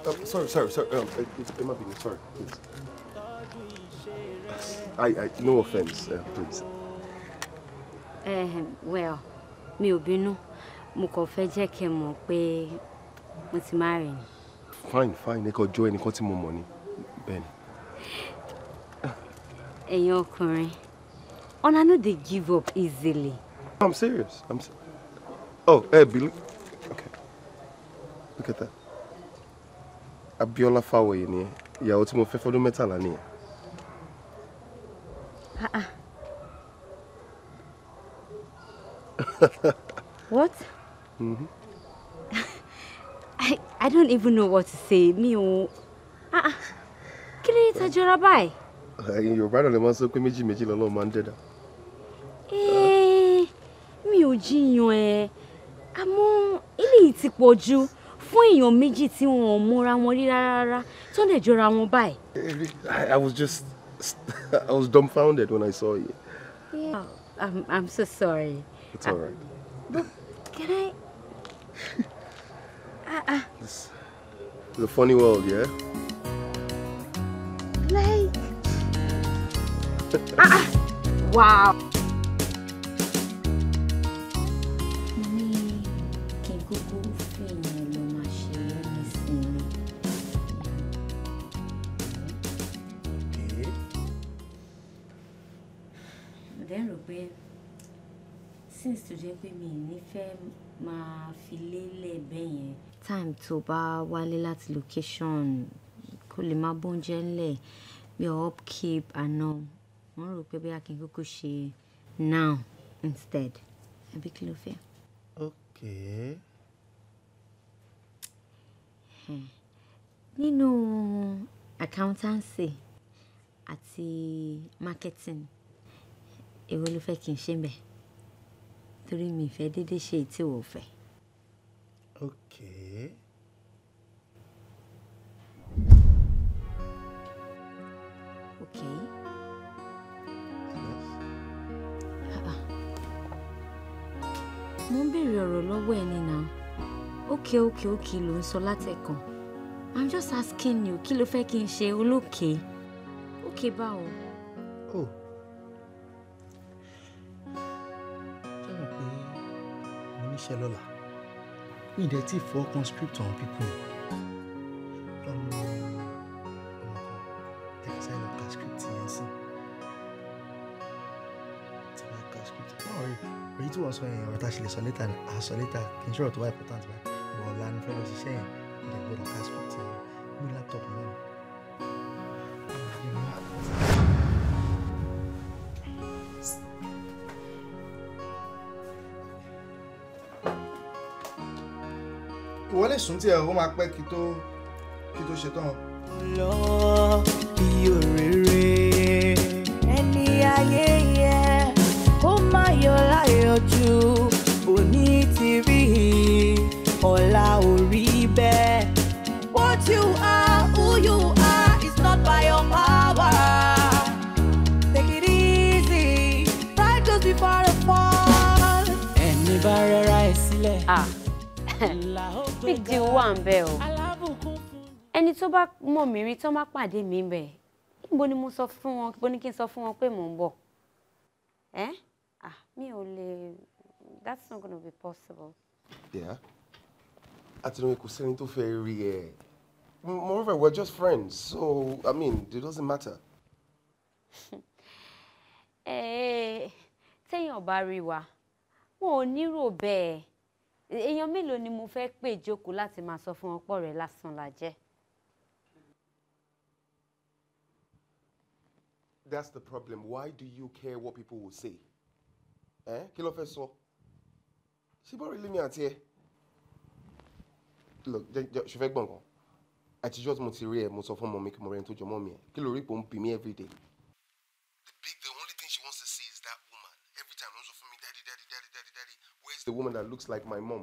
Um, sorry, sorry, sorry. Um, it, it, it might be me. Sorry, please. I, I, no offense, uh, please. Uh, well, me ò bínú. Mo kàn fẹ́ jẹ́ kẹ́ mọ̀ pé mo ti marry ni. Fine, fine. Ẹ kàn jọ ẹnìkan tí mo mọ̀ ni. Ben. ni. Ẹ̀yin ọkùnrin, ọ̀nà no dey give up easily. I'm serious. I'm se Oh, eh, hey, Billy. Okay. Look at that. Abiola Fawoye ni ẹ. Ìyàwó tí mo fẹ́ fọ́dún mẹ́tàlá nìyẹn. Ah, ah. <laughs> what? Mm-hmm. I, I don't even know what to say. me oh. Ah ah. Kí ló yẹ tajọra báyìí? Your brother le lè máa ń sọ pé méjì méjì lọ́lọ́ máa ń dẹ̀dà. Eh, mi ò jiyàn ẹ̀. Àmọ́ eléyìí ti pọ̀ jù fún èèyàn méjì tí wọn ò mọra wọn rí rárá tó lè jọra wọn báyìí. Eh, I was just. <laughs> I was dumbfounded when I saw you. Yeah, I'm, I'm so sorry. It's all right. Uh, but can I? <laughs> uh, uh. This is a funny world, yeah? Like... <laughs> Uh, uh, wow. jẹ́ pé mi ì ní fẹ́ máa fi lélẹ̀ bẹ́yẹn. Time tó bá wálé láti location kó lè máa bá ńlẹ̀ bí upkeep and all. Mo rò pé boya kí n kúkú ṣe now instead. Àbí kí lo fẹ́? Okay. Nínú accountancy àti marketing, èwo lo fẹ́ kí n ṣe ń torí mi fẹ́ dédé ṣe tí ò fẹ́. Okay. Okay. Yes. Ah, ah. mo ń béèrè ọ̀rọ̀ lọ́wọ́ ẹ nínà okay okay okay ló ń sọ látẹ̀kàn I'm just asking you kí ló fẹ́ kí n ṣe olókè okay báwo. ṣiṣẹ́ lọ́la mi dẹ̀ ti fọ́ conscript àwọn pípọ̀ mi. tí wọ́n sọ yẹn ọ̀rọ̀ a ṣe lè sọ létà ni a létà kì í ṣe tó wà important báyìí bọ̀ ọ̀la ni fẹ́ẹ́ ṣiṣẹ́ yẹn ìdẹ̀gbọ́dọ̀ ká sùn tí mo ní laptop náà. lè sùn tiẹ̀ ó máa pẹ́ kí tó kí tó ṣetán. wà ń bẹ̀ o ẹni tó bá mọ̀ mí rí tó má pàdé mi bẹ̀ níbo ni mo sọ fún wọn níbo ni kí n sọ fún wọn pé mò ń ah mi ò lè that's not going to be possible. yeah àtìlẹyìn kò sẹ́ni to fẹ́ rí ẹ moreover we're just friends so i mean it doesn't matter. <laughs> Eh, eh, eh, téèyàn bá rí wa wọn ò nírò bẹ́ẹ̀ èèyàn mélòó ni mo fẹ́ pè jókòó láti máa sọ fún ọ̀pọ̀ rẹ̀ lásán la jẹ́. That's the problem. Why do you care what people will say? Eh? Kí ló fẹ́ sọ? Ṣé bọ́ọ̀rì lèmi àti ẹ? Look, ṣe fẹ́ gbọ̀ngàn. Àtijọ́ tí mo ti rí ẹ, mo sọ fún ọmọ mi kí mo rẹ ẹni tó jọ mọ́ mi ẹ. Kí ló rí ipò ń bì mí everyday? The big thing The woman that looks like my mom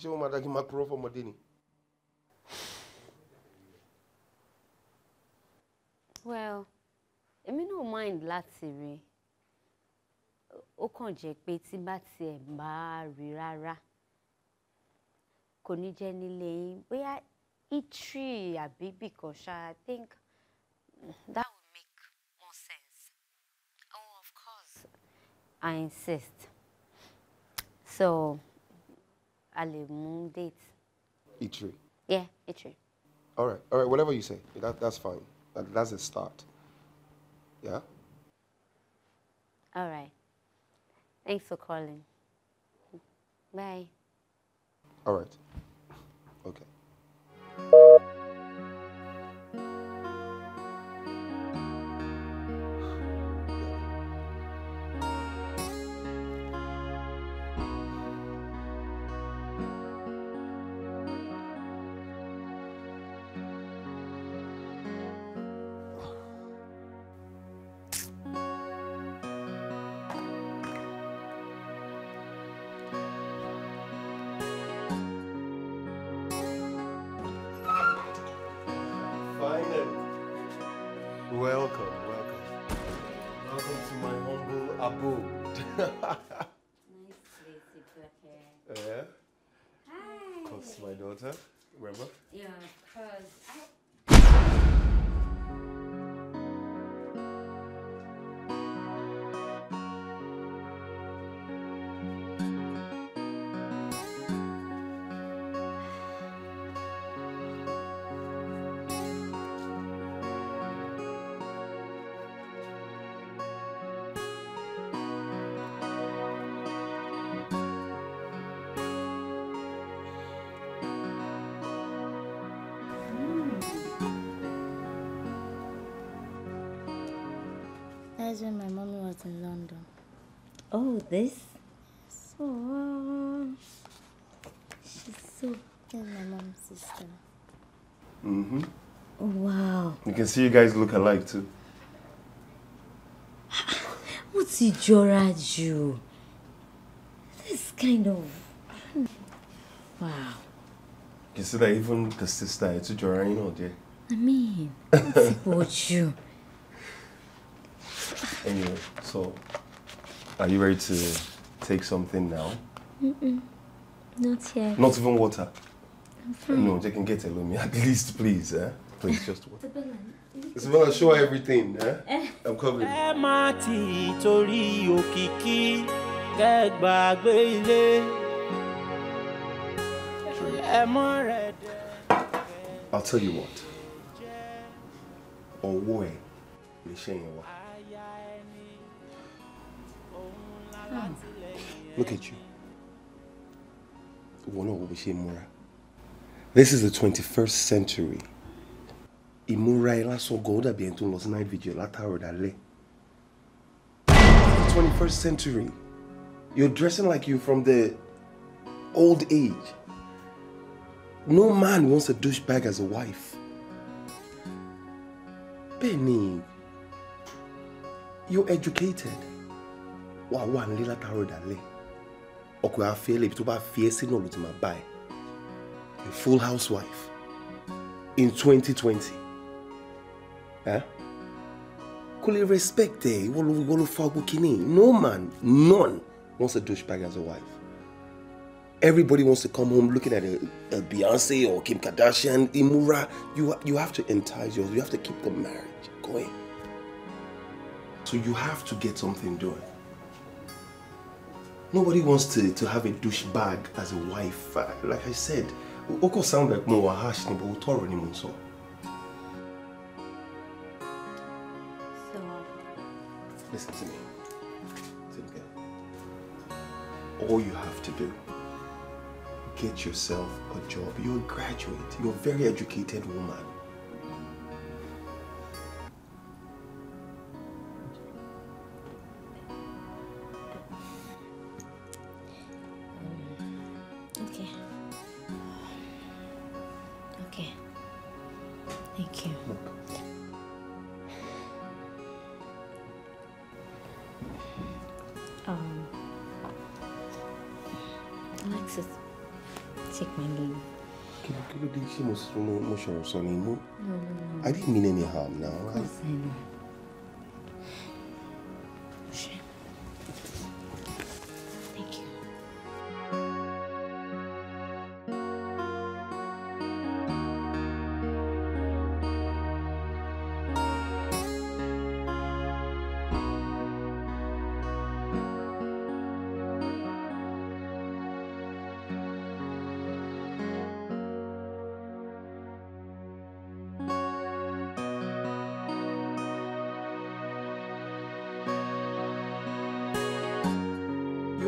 ṣé wọ́n máa dá kí n máa purọ́ fọmọdé ni. well no mind láti rí ó kàn jẹ́ pé tí bá tiẹ̀ bá rí rárá kò itri a bìkan ṣá i think that would make more sense oh of course i insist so a lè mú date. Itri. Yeah, Itri. All right, all right, whatever you say, that, that's fine. That, that's a start. Yeah? All right. Thanks for calling. Bye. All right. That's when my mommy was in London. Oh, this? So um, she's so. good, my mom's sister. Mm-hmm. Wow. You can see you guys look alike too. <laughs> What's Ijora Jew? This kind of... Wow. You see that even the sister, it's Ijora, you know, dear. I mean, what's it you? <laughs> Anyway, so are you ready to take something now? Mm-mm. Not yet. Not even water? No, they can get me <laughs> At least, please, eh? Please, just water. It's about to show everything, eh? <laughs> I'm covering. i má ti torí òkìkí dẹ́. I'll tell you what. Hmm. Look at you. Wọ́n náà wo bó ṣe múra. This is the twenty-first century. Ìmúra ẹ lásán gan ó dàbí ẹni tó night vigil látàárọ̀ dalẹ́. twenty-first century. You're dressing like you from the old age. No man wants a douchebag as a wife. Bẹ́ẹ̀ni. You educated wà wà nílé látàárọ̀ ìdálẹ́ ọkùnrin afẹ́ lè tó bá fi ẹ́ sínú ọ̀lù tí màá bá ẹ̀ a full housewife in 2020 eh? kò lè respect ẹ̀ ìwọ ló ìwọ ló fa ogun kínní no man none wants a douchebag as a wife everybody wants to come home looking at a, a Beyonce or Kim Kardashian imura you, you have to entice yours you have to keep the marriage going. So you have to get something done. Nobody wants to, to have a douchebag as a wife. Uh, like I said, Oko sound like more harsh, but we So. Listen to me. All you have to do, get yourself a job. You're a graduate. You're a very educated woman.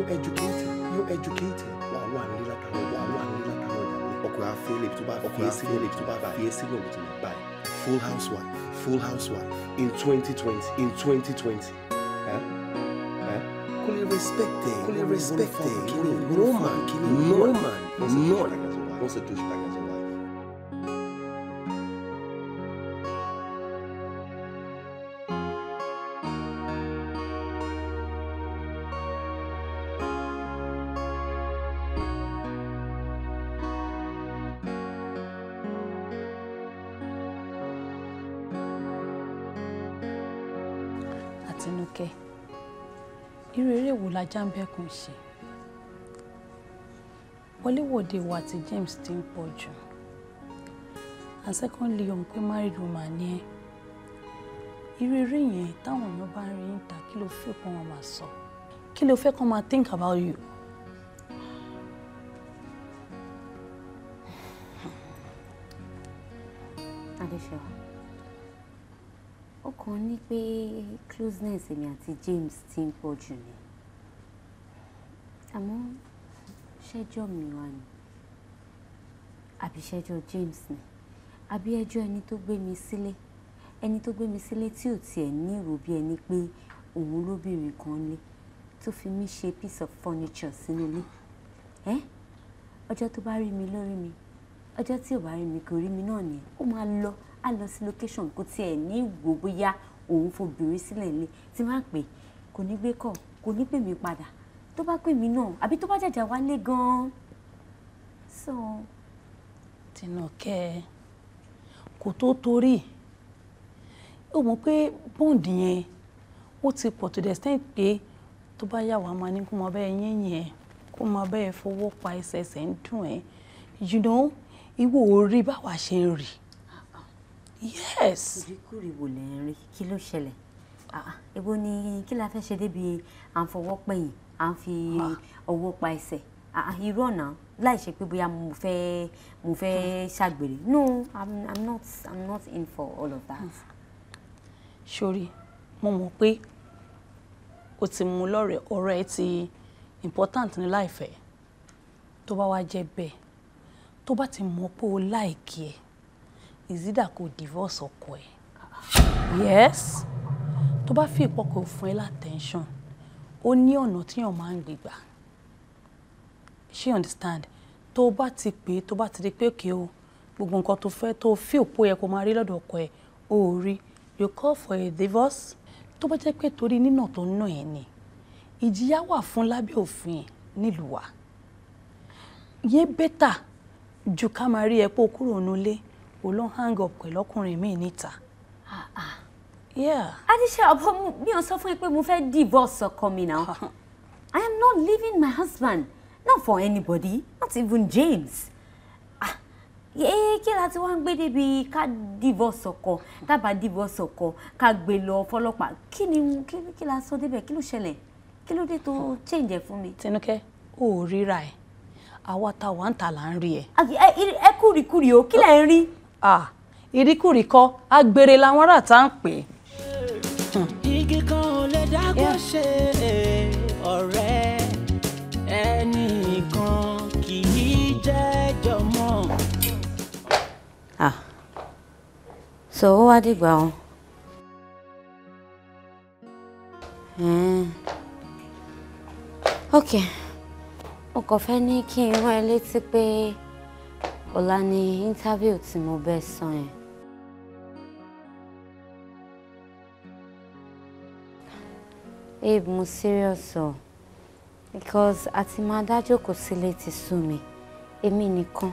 Educated, you educated. educator wà wà nílé látàrọ wà wà nílé látàrọ ìyàwó ọkọ àfẹlẹ tó bá ọkọ àfẹlẹ tó bá bá yẹ sílẹ̀ òtún bá yẹ full housewife full housewife in twenty twenty in twenty twenty kò lè respect ẹ kò lè respect ẹ kí ni no man kí ni no man no man wọ́n ṣe tó ṣe tàgà. Àjàǹbẹ̀kún ṣe wọléwọ̀de wa ti James ti ń pọ̀ jù and secondly òun pé married woman ni ẹ irú eré yẹn táwọn èèyàn bá ń rí ń ta kí ló fẹ́ kó wọn máa sọ kí ló fẹ́ kó máa think about you. Adéṣẹ́wà ó kàn ní pé closeness èmi àti James ti ń pọ̀ jù ni àmọ́ ṣẹ́jọ́ mi wá ni àbí ṣẹ́jọ́ James ni àbí ẹjọ́ ẹni tó gbé mi sílé ẹni tó gbé mi sílé tí ò tiẹ̀ ní ìrò bí ẹni pé òun lóbìnrin kan lé tó fi mí ṣe piece of furniture sínú ilé ẹ ọjọ́ tó bá rí mi ló rí mi ọjọ́ tí ò bá rí mi kò rí mi náà ni ó máa lọ á lọ sí location kò tiẹ̀ ní ìwò bóyá òun fobìnrin sílẹ̀ lé tí máa pè kò ní gbé kọ̀ kò ní pè mí padà tó bá pè mí náà àbí tó bá jàjà wálé gan-an so. tinúkẹ́ kò tó torí ó mọ̀ pé bọ́ǹdì yẹn ó ti pọ̀ tó the extent pé tó bá yà wá máa ní kó máa bẹ́ẹ̀ yín yẹn kó máa bẹ́ẹ̀ fọwọ́ pa ẹsẹ̀ ẹsẹ̀ ń dùn ẹ́ you know ìwọ ò rí báwa ṣe ń rí yes. ìrìkúrì wò lè rí kí ló ṣẹlẹ̀ ah, ah, èwo ni kí la fẹ́ ṣe débi à à ń fi ọwọ́ pa ẹsẹ̀ irú ọ̀nà láì ṣe pé bóyá mo fẹ́ mo fẹ́ ṣàgbèrè no i'm i'm not i'm not in for all of that. sori mo mọ̀ pé o ti mú lọ́rẹ̀ ọ̀rọ̀ ẹ ti important ní láìfẹ́ tó bá wá jẹ́ bẹ́ẹ̀ tó bá ti mọ̀ pé o láìkí ẹ̀ ìzídà kò divorce ọkọ ẹ̀ yes tó bá fi ìpọkọ̀ fún ẹ látẹ̀ńṣọ̀n ó ní ọ̀nà tíyàn máa ń gbégbà ṣé understand tó o bá ti pè é tó o bá ti di pé òkè o gbogbo nǹkan tó fẹ́ tó o fi òpó yẹ kó máa rí lọ́dọ̀ ọkọ ẹ̀ o ò rí you call for a divorce tó bá jẹ́ pé torí nínà tó ń nà ẹ̀ ni ìjìyà wà fún lábẹ́ òfin nílùú wa yẹn bẹ́tà ju ká máa rí ẹ pé o kúrò nílé o lọ hang up pẹ̀lú ọkùnrin mi níta. ah ah Yeah. Adisha, ọ̀pọ̀ mi ò sọ fún ẹ pé divorce coming mi I am not leaving my husband, not for anybody, not even James. Ee ah, kí la ti wá ń gbé débi ká divorce ọkọ dábàá divorce ọkọ ká gbé lọ fọlọ́pàá kí ni kí la sọ débẹ̀ kí ló ṣẹlẹ̀ kí ló dé tó change ẹ̀ fún mi. Tinúkẹ́ o ò ríra ẹ̀ àwa ta wà ń ta là ń rí ẹ̀. ẹ kúrikúri o kí lẹ̀ ń rí. Ah, ìríkùrí kọ́ agbèrè làwọn ará ta ṣe ọ̀rẹ́ ẹnìkan kì í jẹ́jọ́ mọ́. Ah. so ó wá dìgbà wọn. ok mo kàn fẹ́ ní kí n rán ẹ létí pé ọ̀la ni íńtábíù tí mo bẹ́ẹ̀ sọ yẹn. Abe, mo serious o. Because àti máa dájọ́ kò sílé ti sú mi. Èmi nìkan.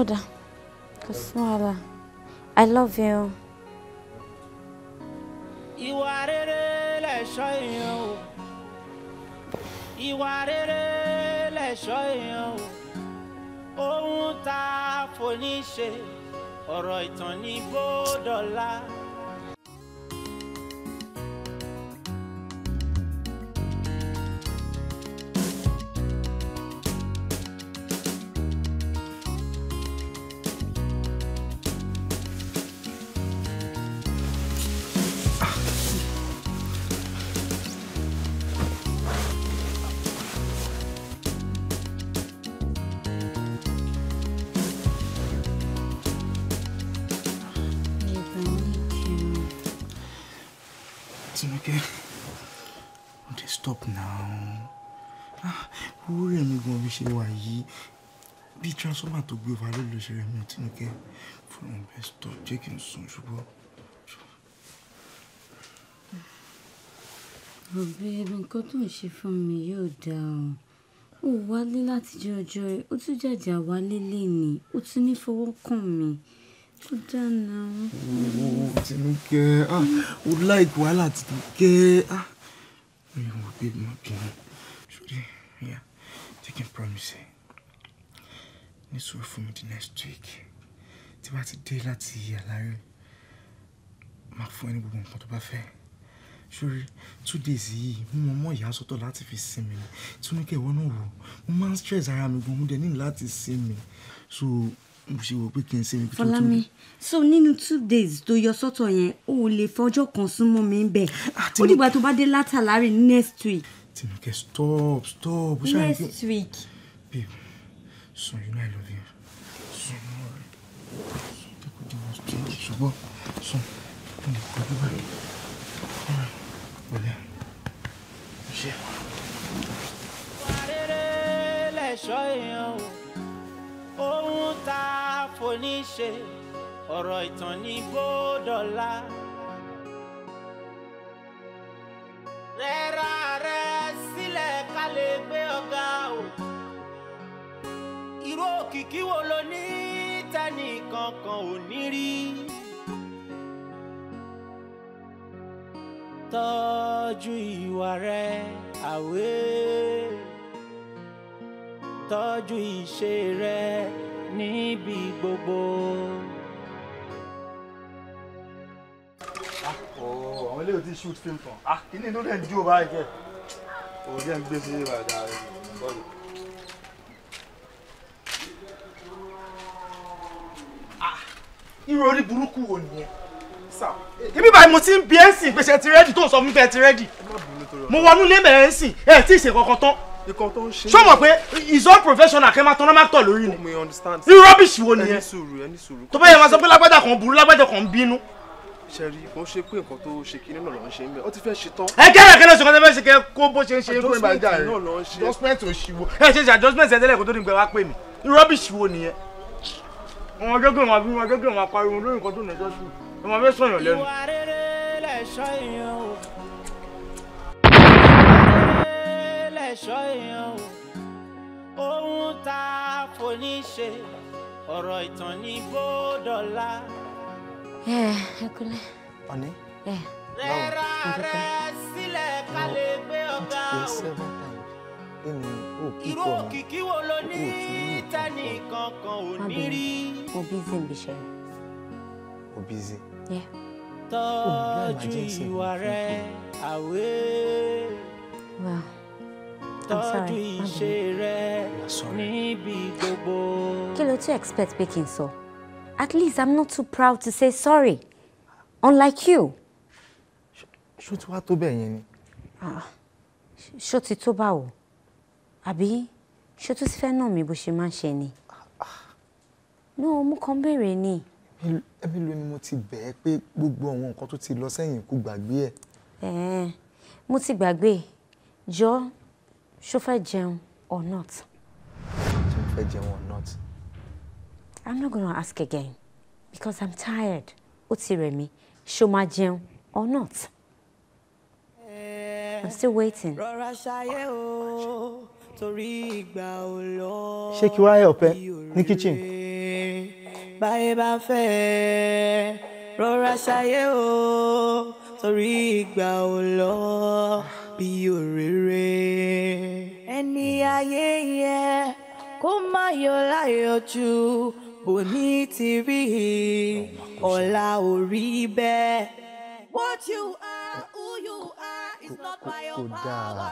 Ọ̀dà, kò sí wàhálà. I love you. Ìwà rere lẹ̀ṣọ́ èèyàn o. Ìwà rere lẹ̀ṣọ́ èèyàn o ohun tá a fò ní ṣe ọ̀rọ̀ ìtàn ní bó dọ̀la. Àṣàkẹ́ wọ́n ti stop now ah, owó rẹ̀ mi gan bí ṣe wà yìí bí transformer tó gbé wa lólo ṣe rẹ̀ mi ò tí ní kẹ́ stop jẹ́ kí n sùn ṣùgbọ́n. ọ̀bẹ nǹkan tó ń ṣe fún mi yóò dáa o ò wálé látijọ́ ọjọ́ ẹ ó tún jàjà wálé lé ní kódà náà. ooo Tinúkẹ́ ah o like wàhálà Tinúkẹ́ ah mi ò wọ babe má bínú yeah take a promise ní sọ fún mi the next week tí wàá ti dé láti àlàyé máa fún ẹ ní gbogbo nǹkan tó bá fẹ́ sórí two days yìí mo mọ ọmọ ìyá sọ́tọ̀ láti fi sinmi Tinúkẹ́ ìwọ náà wò mo máa ń stress ara mi gan mo dẹ̀ ní láti sinmi so mo ṣe wò pé kí n ṣe mi. fọlámi so nínú two days tó yọ sọ́tọ̀ yẹn o ò lè fọjọ́ kan súnmọ́ mi ń bẹ̀ ah, ó dìgbà tó bá dé látàlárí next week. tinúkẹ́ stop stop. next week. babe sun you know i love you sun mo rẹ sun tẹkọ di mo sun ṣùgbọ́n sun mo lè kọjú báyìí wọlé ṣe. wàá rere lẹ́ṣọ́ èèyàn o ohun tá a foni ṣe ọ̀rọ̀ ìtàn ní bódọ́lá. rẹ́ra rẹ sílẹ̀ ká lè gbé ọ̀gá o. irú òkìkí wo lo ní tẹ́nìkan kan ò ní rí. tọ́jú ìwà rẹ àwẹ̀ tọ́jú ìṣe rẹ níbi gbogbo. Ah, oh, àwọn ilé òtí shoot film kan ah, kíní ló dẹ̀ ń jó báyìí kẹ́ òun jẹ́ ń gbé sí ìbàdàn rẹ̀ bọ́ọ̀lù. irori burúkú wo nìyẹn. ibi báyìí mo ti ń bí ẹ́sìn gbèsè ti rẹ́dì tó ń sọ fún mi pé ti rẹ́dì mo wọnú lé mẹ́rẹ́ẹ́sìn ẹ tí ì ṣe kankan tán nǹkan tó ń ṣe. ṣé o mọ̀ pé all professional kẹ́ máa tán máa tọ̀ lórí ni. mo understand. irú rubbish wo nìyẹn. ẹni sùúrù ẹni sùúrù. tó bá yẹ máa sọ pé lágbájá kan burú lágbájá kan bínú. sẹ́rí kò ṣe pé nǹkan tó ṣe kí nínú lọ́n ṣe ń bẹ̀ ó ti fẹ́ ṣe tán. ẹ kẹ́rẹ̀ kẹ́rẹ̀ sọ̀kan tẹ́ fẹ́ ṣe kẹ́ kó bó ṣe ń ṣe é kúrò ìbàdí ààrẹ adjustment òṣìwò ṣe ṣe adjustment tẹ́lẹ̀ kó tó ẹ̀ṣọ́ èèyàn o ohun tá a fò ní ṣe ọ̀rọ̀ ìtàn ní bódọ́lá. ẹ ẹ kúlẹ̀. ọ̀ní. rẹ́ra rẹ sílẹ̀ ká lè gbé ọ̀gá o. irú òkìkí wo ló ní tẹ́nìkan kan ò ní rí. mo busy bí ṣe. mo busy. tọ́jú oh, ìwà rẹ àwẹ̀. wow tọ́jú ìṣe rẹ níbi gbogbo. kí ló tún expect pé kí n sọ at least i'm not too proud to say sorry unlike you. ṣó ti wá tó bẹ́ẹ̀ yẹn ni. Ah, ṣó ti tó báwo àbí ṣó tún ti fẹ́ nà mí bó ṣe máa ń ṣe ni. no mo kàn béèrè ni. ẹbí ló ni mo ti bẹ̀ẹ́ pé gbogbo àwọn nǹkan tó ti lọ sẹ́yìn kú gbàgbé ẹ̀. Eh, mo ti gbàgbé jọ ṣó fẹ́ jẹun or not. ṣé mo fẹ́ or not. i'm not gonna ask again because i'm tired ó ti rẹ̀ mí ṣó máa or not. Eh, i'm still waiting. Shake your eye open. ìgbà ò kitchen. báyé bá fẹ́ rọra ṣayé o torí ìgbà láyọ̀ láyọ̀ bòní ti rí ọ̀la ò rí bẹ́ẹ̀. what you are who you are is not by your power.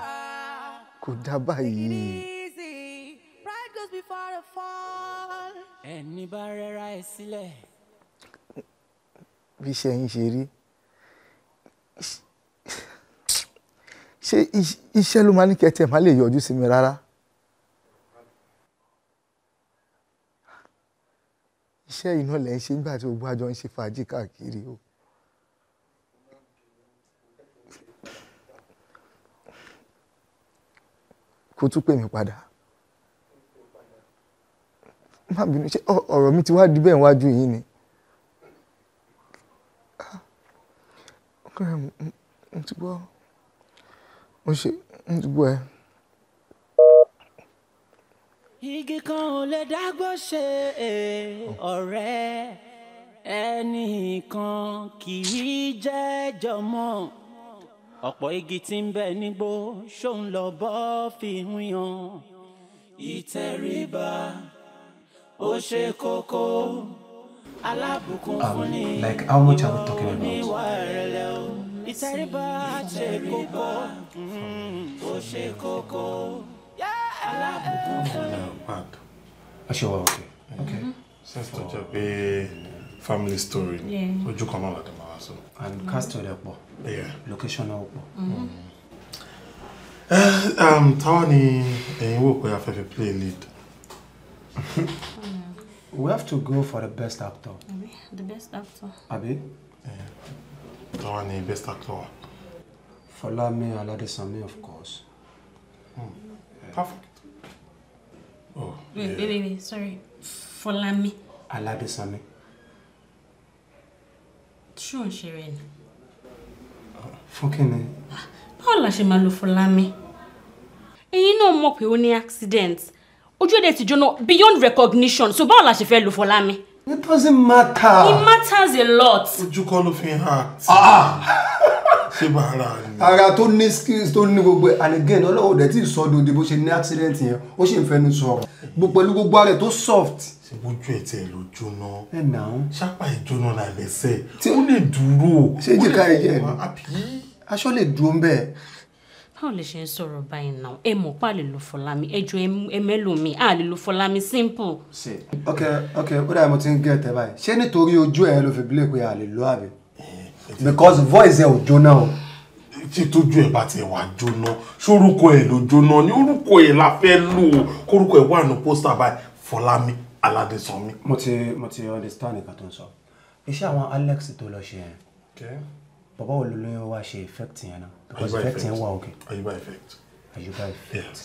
kò dá báyìí. pride goes before the fall. ẹni bá rẹra ẹ sílẹ̀. bí iṣẹ́ yín ṣe rí ṣé iṣẹ́ ló máa ní kẹ́tẹ́ má lè yọjú sí mi rárá. iṣẹ́ iná lẹ́ ń ṣe nígbà tí gbogbo àjọ ń ṣe fàájì káàkiri o. kó tún pè mí padà má bínú ṣe ọ̀rọ̀ mi ti wá di bẹ́ẹ̀ wájú yìí ni. Ah, ọkùnrin mo ti gbọ́ mo ṣe mo ti gbọ́ ẹ igi kan ò lè dágbó ṣe ọ̀rẹ́ ẹnìkan kì í jẹ́jọ mọ́ ọ̀pọ̀ igi tí ń bẹ nígbó ṣóun lọ bọ́ fi hun yan. ìtẹríba ó ṣe kókó alábùkún um, fún ni níwà ìrẹ̀lẹ̀ o ìtẹríba ṣe kókó hmm. ó ṣe kókó alábùkún fún ẹ bag you wa òkè òkè since tó jẹ́ pé family story ojú kan náà làdá máa wá sọ. and mm-hmm. cast ọ̀dẹ̀ pọ̀ location náà pọ̀. Mm-hmm. Eh, um, táwọn ni ẹ̀yin wò pé we have to play lead. <laughs> we have to go for the best actor. the best actor. abi. Eh, táwọn ni best actor wa. Follow me, Aladesanmi, of course. Mm. Perfect. Oh, wait, yeah. wait, wait, wait, sorry. Folami. Aládesami. Ṣé ò ń ṣe rẹ̀ ni? Fún kí ni? Báwo la ṣe máa lo Folami? Ẹ̀yin náà mọ̀ pé only accidents. Ojo Ojú ẹ̀dẹ̀ ti jóná beyond recognition. So báwo la ṣe fẹ́ lo Folami? It doesn't matter. It matters a lot. Ojú kọ́ ló fi hàn. Ah! ara tó ní skills tó ní gbogbo and again ọlọ́wọ́ dẹ̀ tí ìsọdún òde bó ṣe ní accident yẹn ó sì ń fẹnu sọ̀rọ̀ pẹ̀lú gbogbo ara tó soft. ṣe bójú ẹ̀ tẹ̀ ló jóná ṣápá ìjóná là lẹ́sẹ̀ ó lè dúró ṣé jìkà ẹ̀jẹ̀ ni aṣọ lè dúró ń bẹ́ẹ̀ báwo lè ṣe ń sọ̀rọ̀ báyìí náà ẹ mọ̀ pa lè lo fọlámi ẹjọ́ ẹ mẹ́lòmí a lè lo fọlámi simple. ok ok ó dàbí mo ti ń gé ẹ̀tẹ̀ báyìí ṣé nítorí ojú ẹ̀ ló fi bílẹ̀ pé a lè àbí because voice ẹ ò jóná o. tí tójú ẹ bá ti wà jóná sórúkọ ẹ ló jóná ni orúkọ ẹ la fẹ́ lò ó kórúkọ ẹ wà ní pósítà báyìí Fọlámi Aládésànmí. mo ti mo ti understand nǹkan tó ń sọ iṣẹ́ àwọn Alex tó lọ ṣe yẹn bàbá wo lóyún wa ṣe effect yẹn náà because effect yẹn wà òkè àyùbá effect àyùbá effect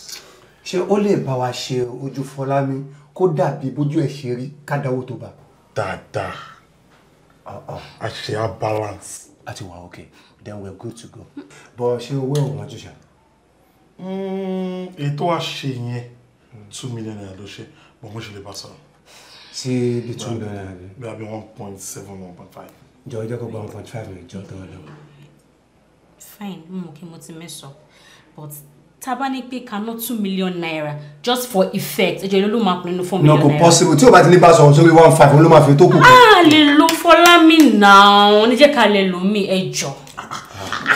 ṣé ó lè bá wa ṣe ojú Fọlámi kó dàbí bójú ẹ ṣe rí kádàwó tó bá. dáadáa àṣẹ á balance. I think we're okay then we're good to go. But she will ẹ̀wọ̀n wọn jùṣà. ètò àṣẹ yẹn two million naira ló ṣe bọ mo ṣe lè bá sọ̀rọ̀. sí bí two million naira bí. bí a bí one point seven one point five. jọ ọjọ́ one point five rẹ̀ jọ fine mo kí mo but tábà ni pé kaná two million naira just for effect ẹjọ ló máa pinnu four million naira. no kò possible tí o bá ti lè bá sọ̀rọ̀ sórí one five ló máa fi tó kù. a ah, lè lo fọlámi náà oníjẹ́ ká lè lo mi ẹjọ.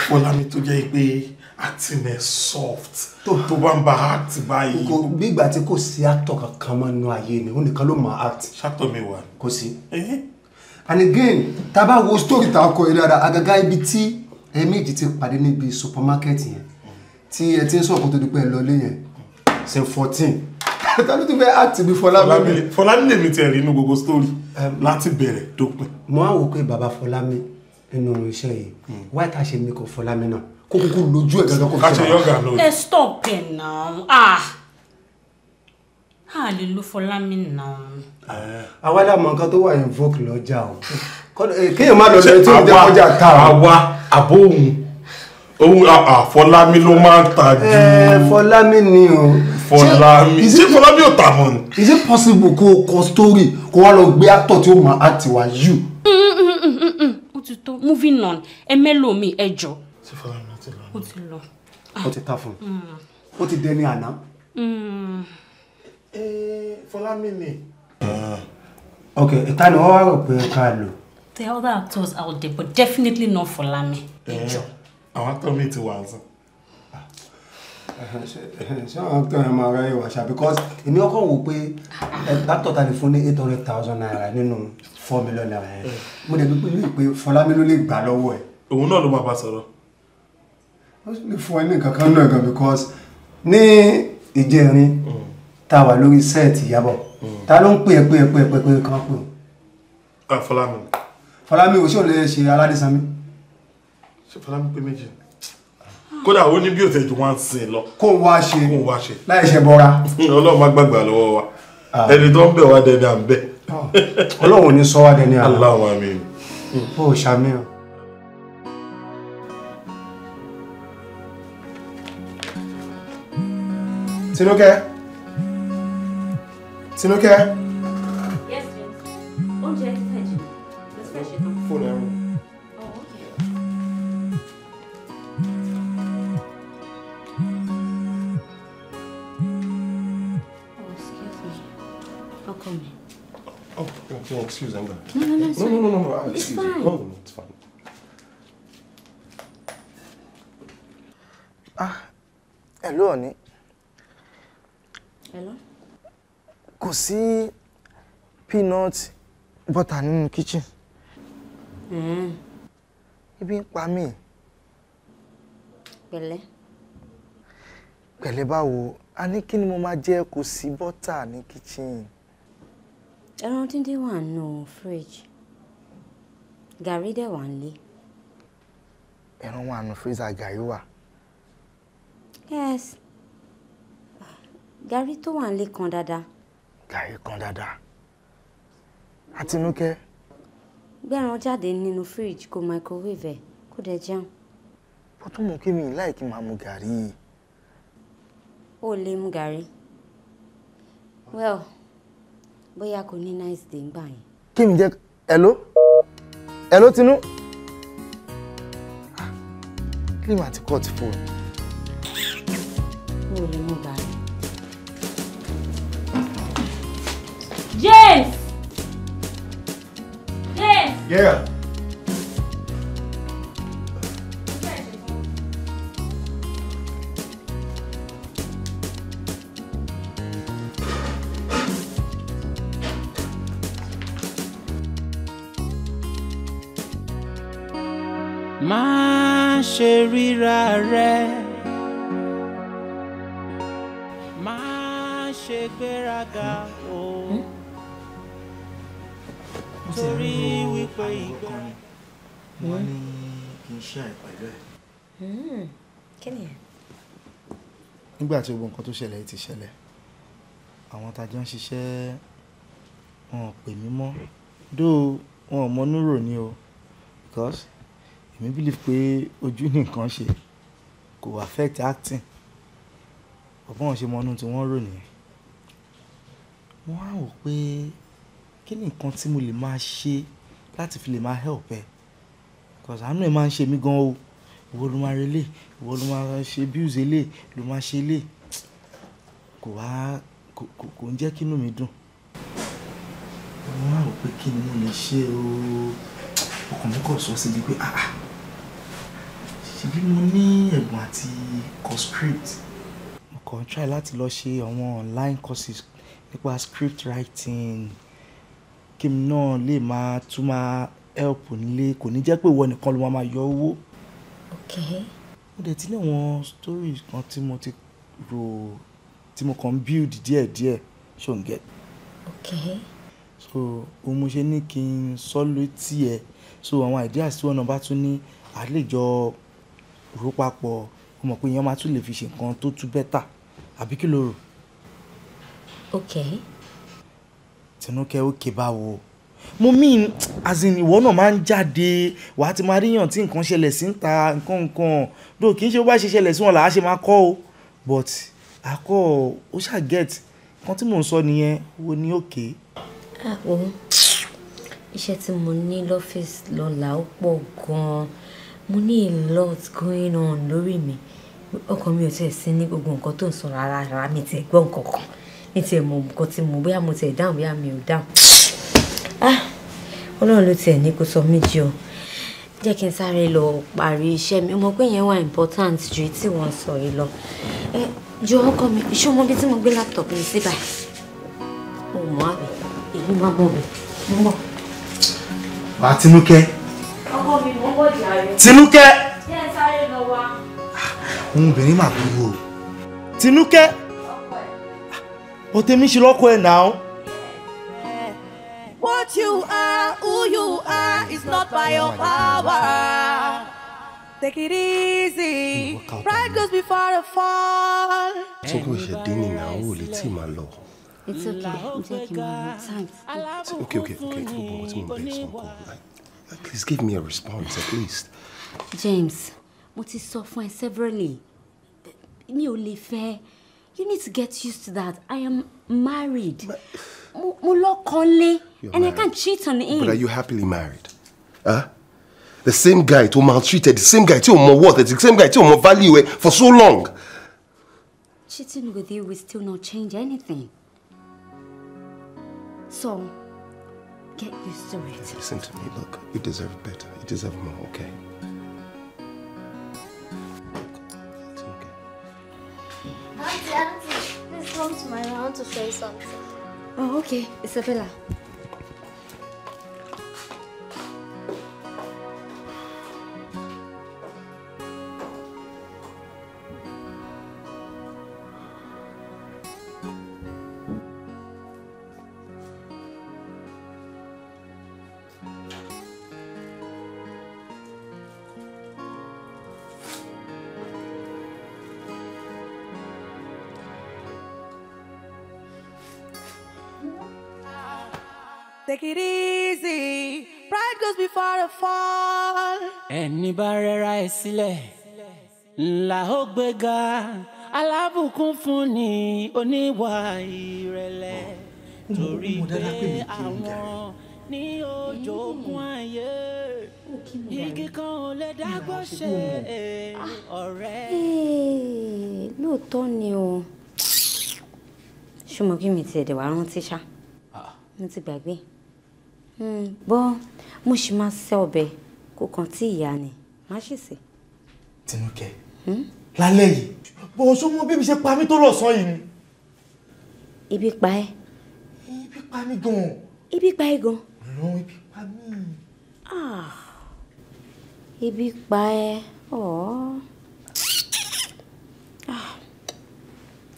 fọlámi tó jẹ́ pé acting ẹ̀ soft tó bá ń ba act báyìí. kò bí ìgbà tí kò sí actor kankan mọ́ nínú ayé ni ó ló máa act. ṣàtọ̀ mi wà. kò sí. Eh? and again tá a bá wo story tá a kọ yìí dáadáa àgàgà ibi tí ẹ méjì ti pàdé níbi supermarket yẹn tí ẹ ti ń sọ̀kún tó di pé ẹ lọ lé ṣe fourteen tàbí tó fẹ́ act bí fọlámi. fọlámi lèmi tiẹ̀ rí inú gbogbo story láti bẹ̀rẹ̀ dópin. mo á wò pé baba fọlámi nínú iṣẹ́ yìí hmm. wáyé ká ṣe mí kọ fọlámi náà kó kúkú lójú ẹ̀ gángan kó fi ṣe. ẹ stop ẹ ah. ah, náà ah a lè lo fọlámi náà. àwa dà mọ nǹkan tó wà invoke lọ́jà o ah. eh, kéèyàn má lọ lọ tí ó jẹ́ kọjá ta. àwa àbóhùn ohun ah, àfọlámi ah, ló máa ń ta jù. ẹ eh, ni o. fọlámi ṣé fọlámi ò tà mọ́ ni. is it possible kó o kọ story kó wá lọ gbé actor tí ó máa act wá you. ó ti tó moving on ẹ mélòó mi ẹ jọ. ṣé fọlámi ó ti lọ. ó ti lọ. ó ti ta fún un. Hmm. ó ti dẹni àná. Hmm. Eh, fọlámi ni. Hmm. ok ìta ni wọ́n wá rò pé ká lò. there are other actors out there but definitely not fọlámi ẹ eh. jọ àwọn actor mi ti wà nsìn. ṣé àwọn actor yẹn máa ráyè wá ṣá because èmi ọkọ wò pé actor ta lè fún ní eight hundred thousand naira nínú four million naira yẹn mo dẹ̀ bí pé Fọlámi ló lè gbà lọ́wọ́ ẹ̀. òun náà ló máa bá sọ̀rọ̀. ó sì lè fún ẹ ní nǹkan kan náà gan because ní ìjẹrin tá a wà lórí sẹ́ẹ̀tì Ìyábọ̀ ta ló ń pè é pé é pé é pé é kan pè. Fọlámi. Fọlámi o ṣé o lè ṣe aládìsánmi ṣe fọlá mi pé méjì kódà ó ní bí ó tẹ̀jú wọn sìn lọ. kó o wá ṣe kó o wá ṣe. láì ṣe bọra. ọlọ́run má gbàgbà lọ́wọ́ wa ah. ẹni tó ń bẹ̀ wá dẹni à ń bẹ̀. Ah. ọlọ́run ò ní sọ wá dẹni àná. aláwọ̀ àmì. bó o Tinúkẹ́ Tinúkẹ́. an excuse, I'm No, no, no, no, no, no, no, ah, it's fine. You. No, no, it's fine. Ah, hello, honey. Hello. Kò sí peanut butter nínú kitchen. Mm. Ebi ń pa mí. Pẹ̀lẹ́. Pẹ̀lẹ́ báwo, a ní kí ni mo máa jẹ kò sí butter kitchen? Ẹran díndín wà nù fridge. Gàrí dẹ̀ wà nílé. Ẹran wà nù freezer gàrí wà. Yes. Gàrí tó wà nílé kan dáadáa. Gàrí kan dáadáa. Àtinúkẹ́. Gbẹ́ran jáde nínú fridge kó microwave ẹ̀ kó dẹ̀ jẹun. Bó tún mú kí mi láìkí máa mu gàrí yìí. lè mu gàrí. Well bóyá kò ní nice day ń gbà yẹn. kí mi jẹ hello hello tinú ah, kí ni màá ti cut lè mú bàá rẹ. James. James. Yeah. ṣe ríra rẹ. má ṣe gbéraga o torí wípé ìgbà. wọ́n ní kì í ṣe àìpẹ̀lú ẹ̀. Hmm. kí ni ẹ̀. nígbà tí gbogbo nǹkan tó ṣẹlẹ̀ ti ṣẹlẹ̀ àwọn tajọ́ ń ṣiṣẹ́ wọn ò pè mí mọ́ dó wọn ò mọ núrò ní o because èmi believe pé ojú nìkan ṣe kò affect acting ọ̀pọ̀n ṣe mọ́nú tí wọ́n rò nìyẹn mo wá wò pé kí ni nǹkan tí mo lè máa ṣe láti fi lè máa help ẹ because àánú ẹ máa ń ṣe mí gan o ìwọ ló máa relé ìwọ ló máa ṣe bills elé ló máa ṣe elé kò wá kò ń jẹ́ kí inú mi dùn mo wá wò pé kí ni mo lè ṣe o ọkàn kò sọ síbi pé ah ah ṣebí mo ní ẹ̀bùn àti kọ script. mo kàn ń try láti lọ ṣe àwọn online courses nípa script writing kí mi náà lè máa tún máa help nílé kò ní jẹ́ pé ìwọ nìkan ló máa yọ owó. okay. mo dẹ̀ ti ní àwọn stories kan tí mo ti rò tí mo kàn ń build díẹ̀díẹ̀ ṣó ń get. okay. so òun mo ṣe ní kí n sọ lótì ẹ so àwọn ideas tí wọn náà bá tún ní àlejò rò papọ̀ o mọ̀ pé èèyàn máa tún lè fi ṣe nǹkan tó tún bẹ́tà àbí kí ló rò. ok. tinúkẹ́ òkè báwo mo mean as in ìwọ náà máa ń jáde wàá ti máa ríyàn tí nǹkan ṣẹlẹ̀ sí ń ta nǹkan nǹkan dò kì í ṣe bó bá ṣe ṣẹlẹ̀ sí wọn làá ṣe máa kọ́ o but àkọ́ ó ṣáà get nǹkan tí mò ń sọ nìyẹn wo ni òkè. àwọn iṣẹ́ tí mo ní lọ́fíìsì lọ́la ó pọ̀ gan-an mo ní a lot going on lórí mi ọkàn mi ò tiẹ̀ sí ní gbogbo nǹkan tó ń sọ rárá rárá mi tiẹ̀ gbọ́ nǹkan kan mi tiẹ̀ mọ nǹkan tí mo bóyá mo tiẹ̀ dáhùn bóyá mi ò dáhùn ah ọlọ́run ló tiẹ̀ ní kó sọ mí jí o jẹ́ kí n sáré lọ parí iṣẹ́ mi mo pé yẹn wà important ju tí wọ́n sọ yìí lọ ẹ jọ ọkọ mi ṣé o mọ bí tí mo gbé laptop mi sí báyìí mo mọ àbí èyí má mọ mi mo mọ. wàá tinúkẹ́ tinúkẹ́. òun obìnrin mà burú o. tinúkẹ́. ọ̀tẹ̀mí ṣe lọ́kọ ẹ̀ náà. What you are, who you are, is not by your power. Take it easy. Pride goes before the fall. Ṣé kò ṣe dín ní náà ó lè tí máa lọ? It's okay. I'm taking my time. Okay, okay, okay. Tí mo bọ̀ tí mo bẹ̀rẹ̀ sọ̀kọ̀. Please give me a response, at least. James, mo ti sọ fún ẹ severally. You need to get used to that. I am married. Ma mo And married. I can't cheat on him. But are you happily married? Huh? The same guy tó maltreated, the same guy tí more mọ worth, the same guy tí more value for so long. Cheating with you will still not change anything. So, get used to it. Listen to me, look. You deserve better. You deserve more, okay? okay. Auntie, Auntie, please come to my room to say something. Oh, okay. Isabella, waterfall. ẹni bá rẹra ẹ sílẹ̀ ńlá ó gbéga alábùkún fún ni oníwà ìrẹ̀lẹ̀ torí pé àwọn ní ojogun ayé igi kan ò lè dágbó ṣe ọ̀rẹ́. lóòótọ́ ni o ṣùgbọ́n kí mi tiẹ̀ dẹ̀ wá rántí ṣá ah. mo ti gbàgbé. Hmm. bọ́ mo sì máa ṣe ọbẹ̀ kó kàn tí ìyá ni má ṣe sè. tinúkẹ́ hmm? lálẹ́ yìí bọ̀ ọ̀ṣọ́ mọ bíbi ṣe pa mí tó lọ́sàn yìí ni. ibi pa ẹ́. ibi pa mí gan-an. ibi pa ẹ́ gan-an. lọ ibi pa mí. Ah. ibi pa ẹ́ ọ̀ọ́ ah.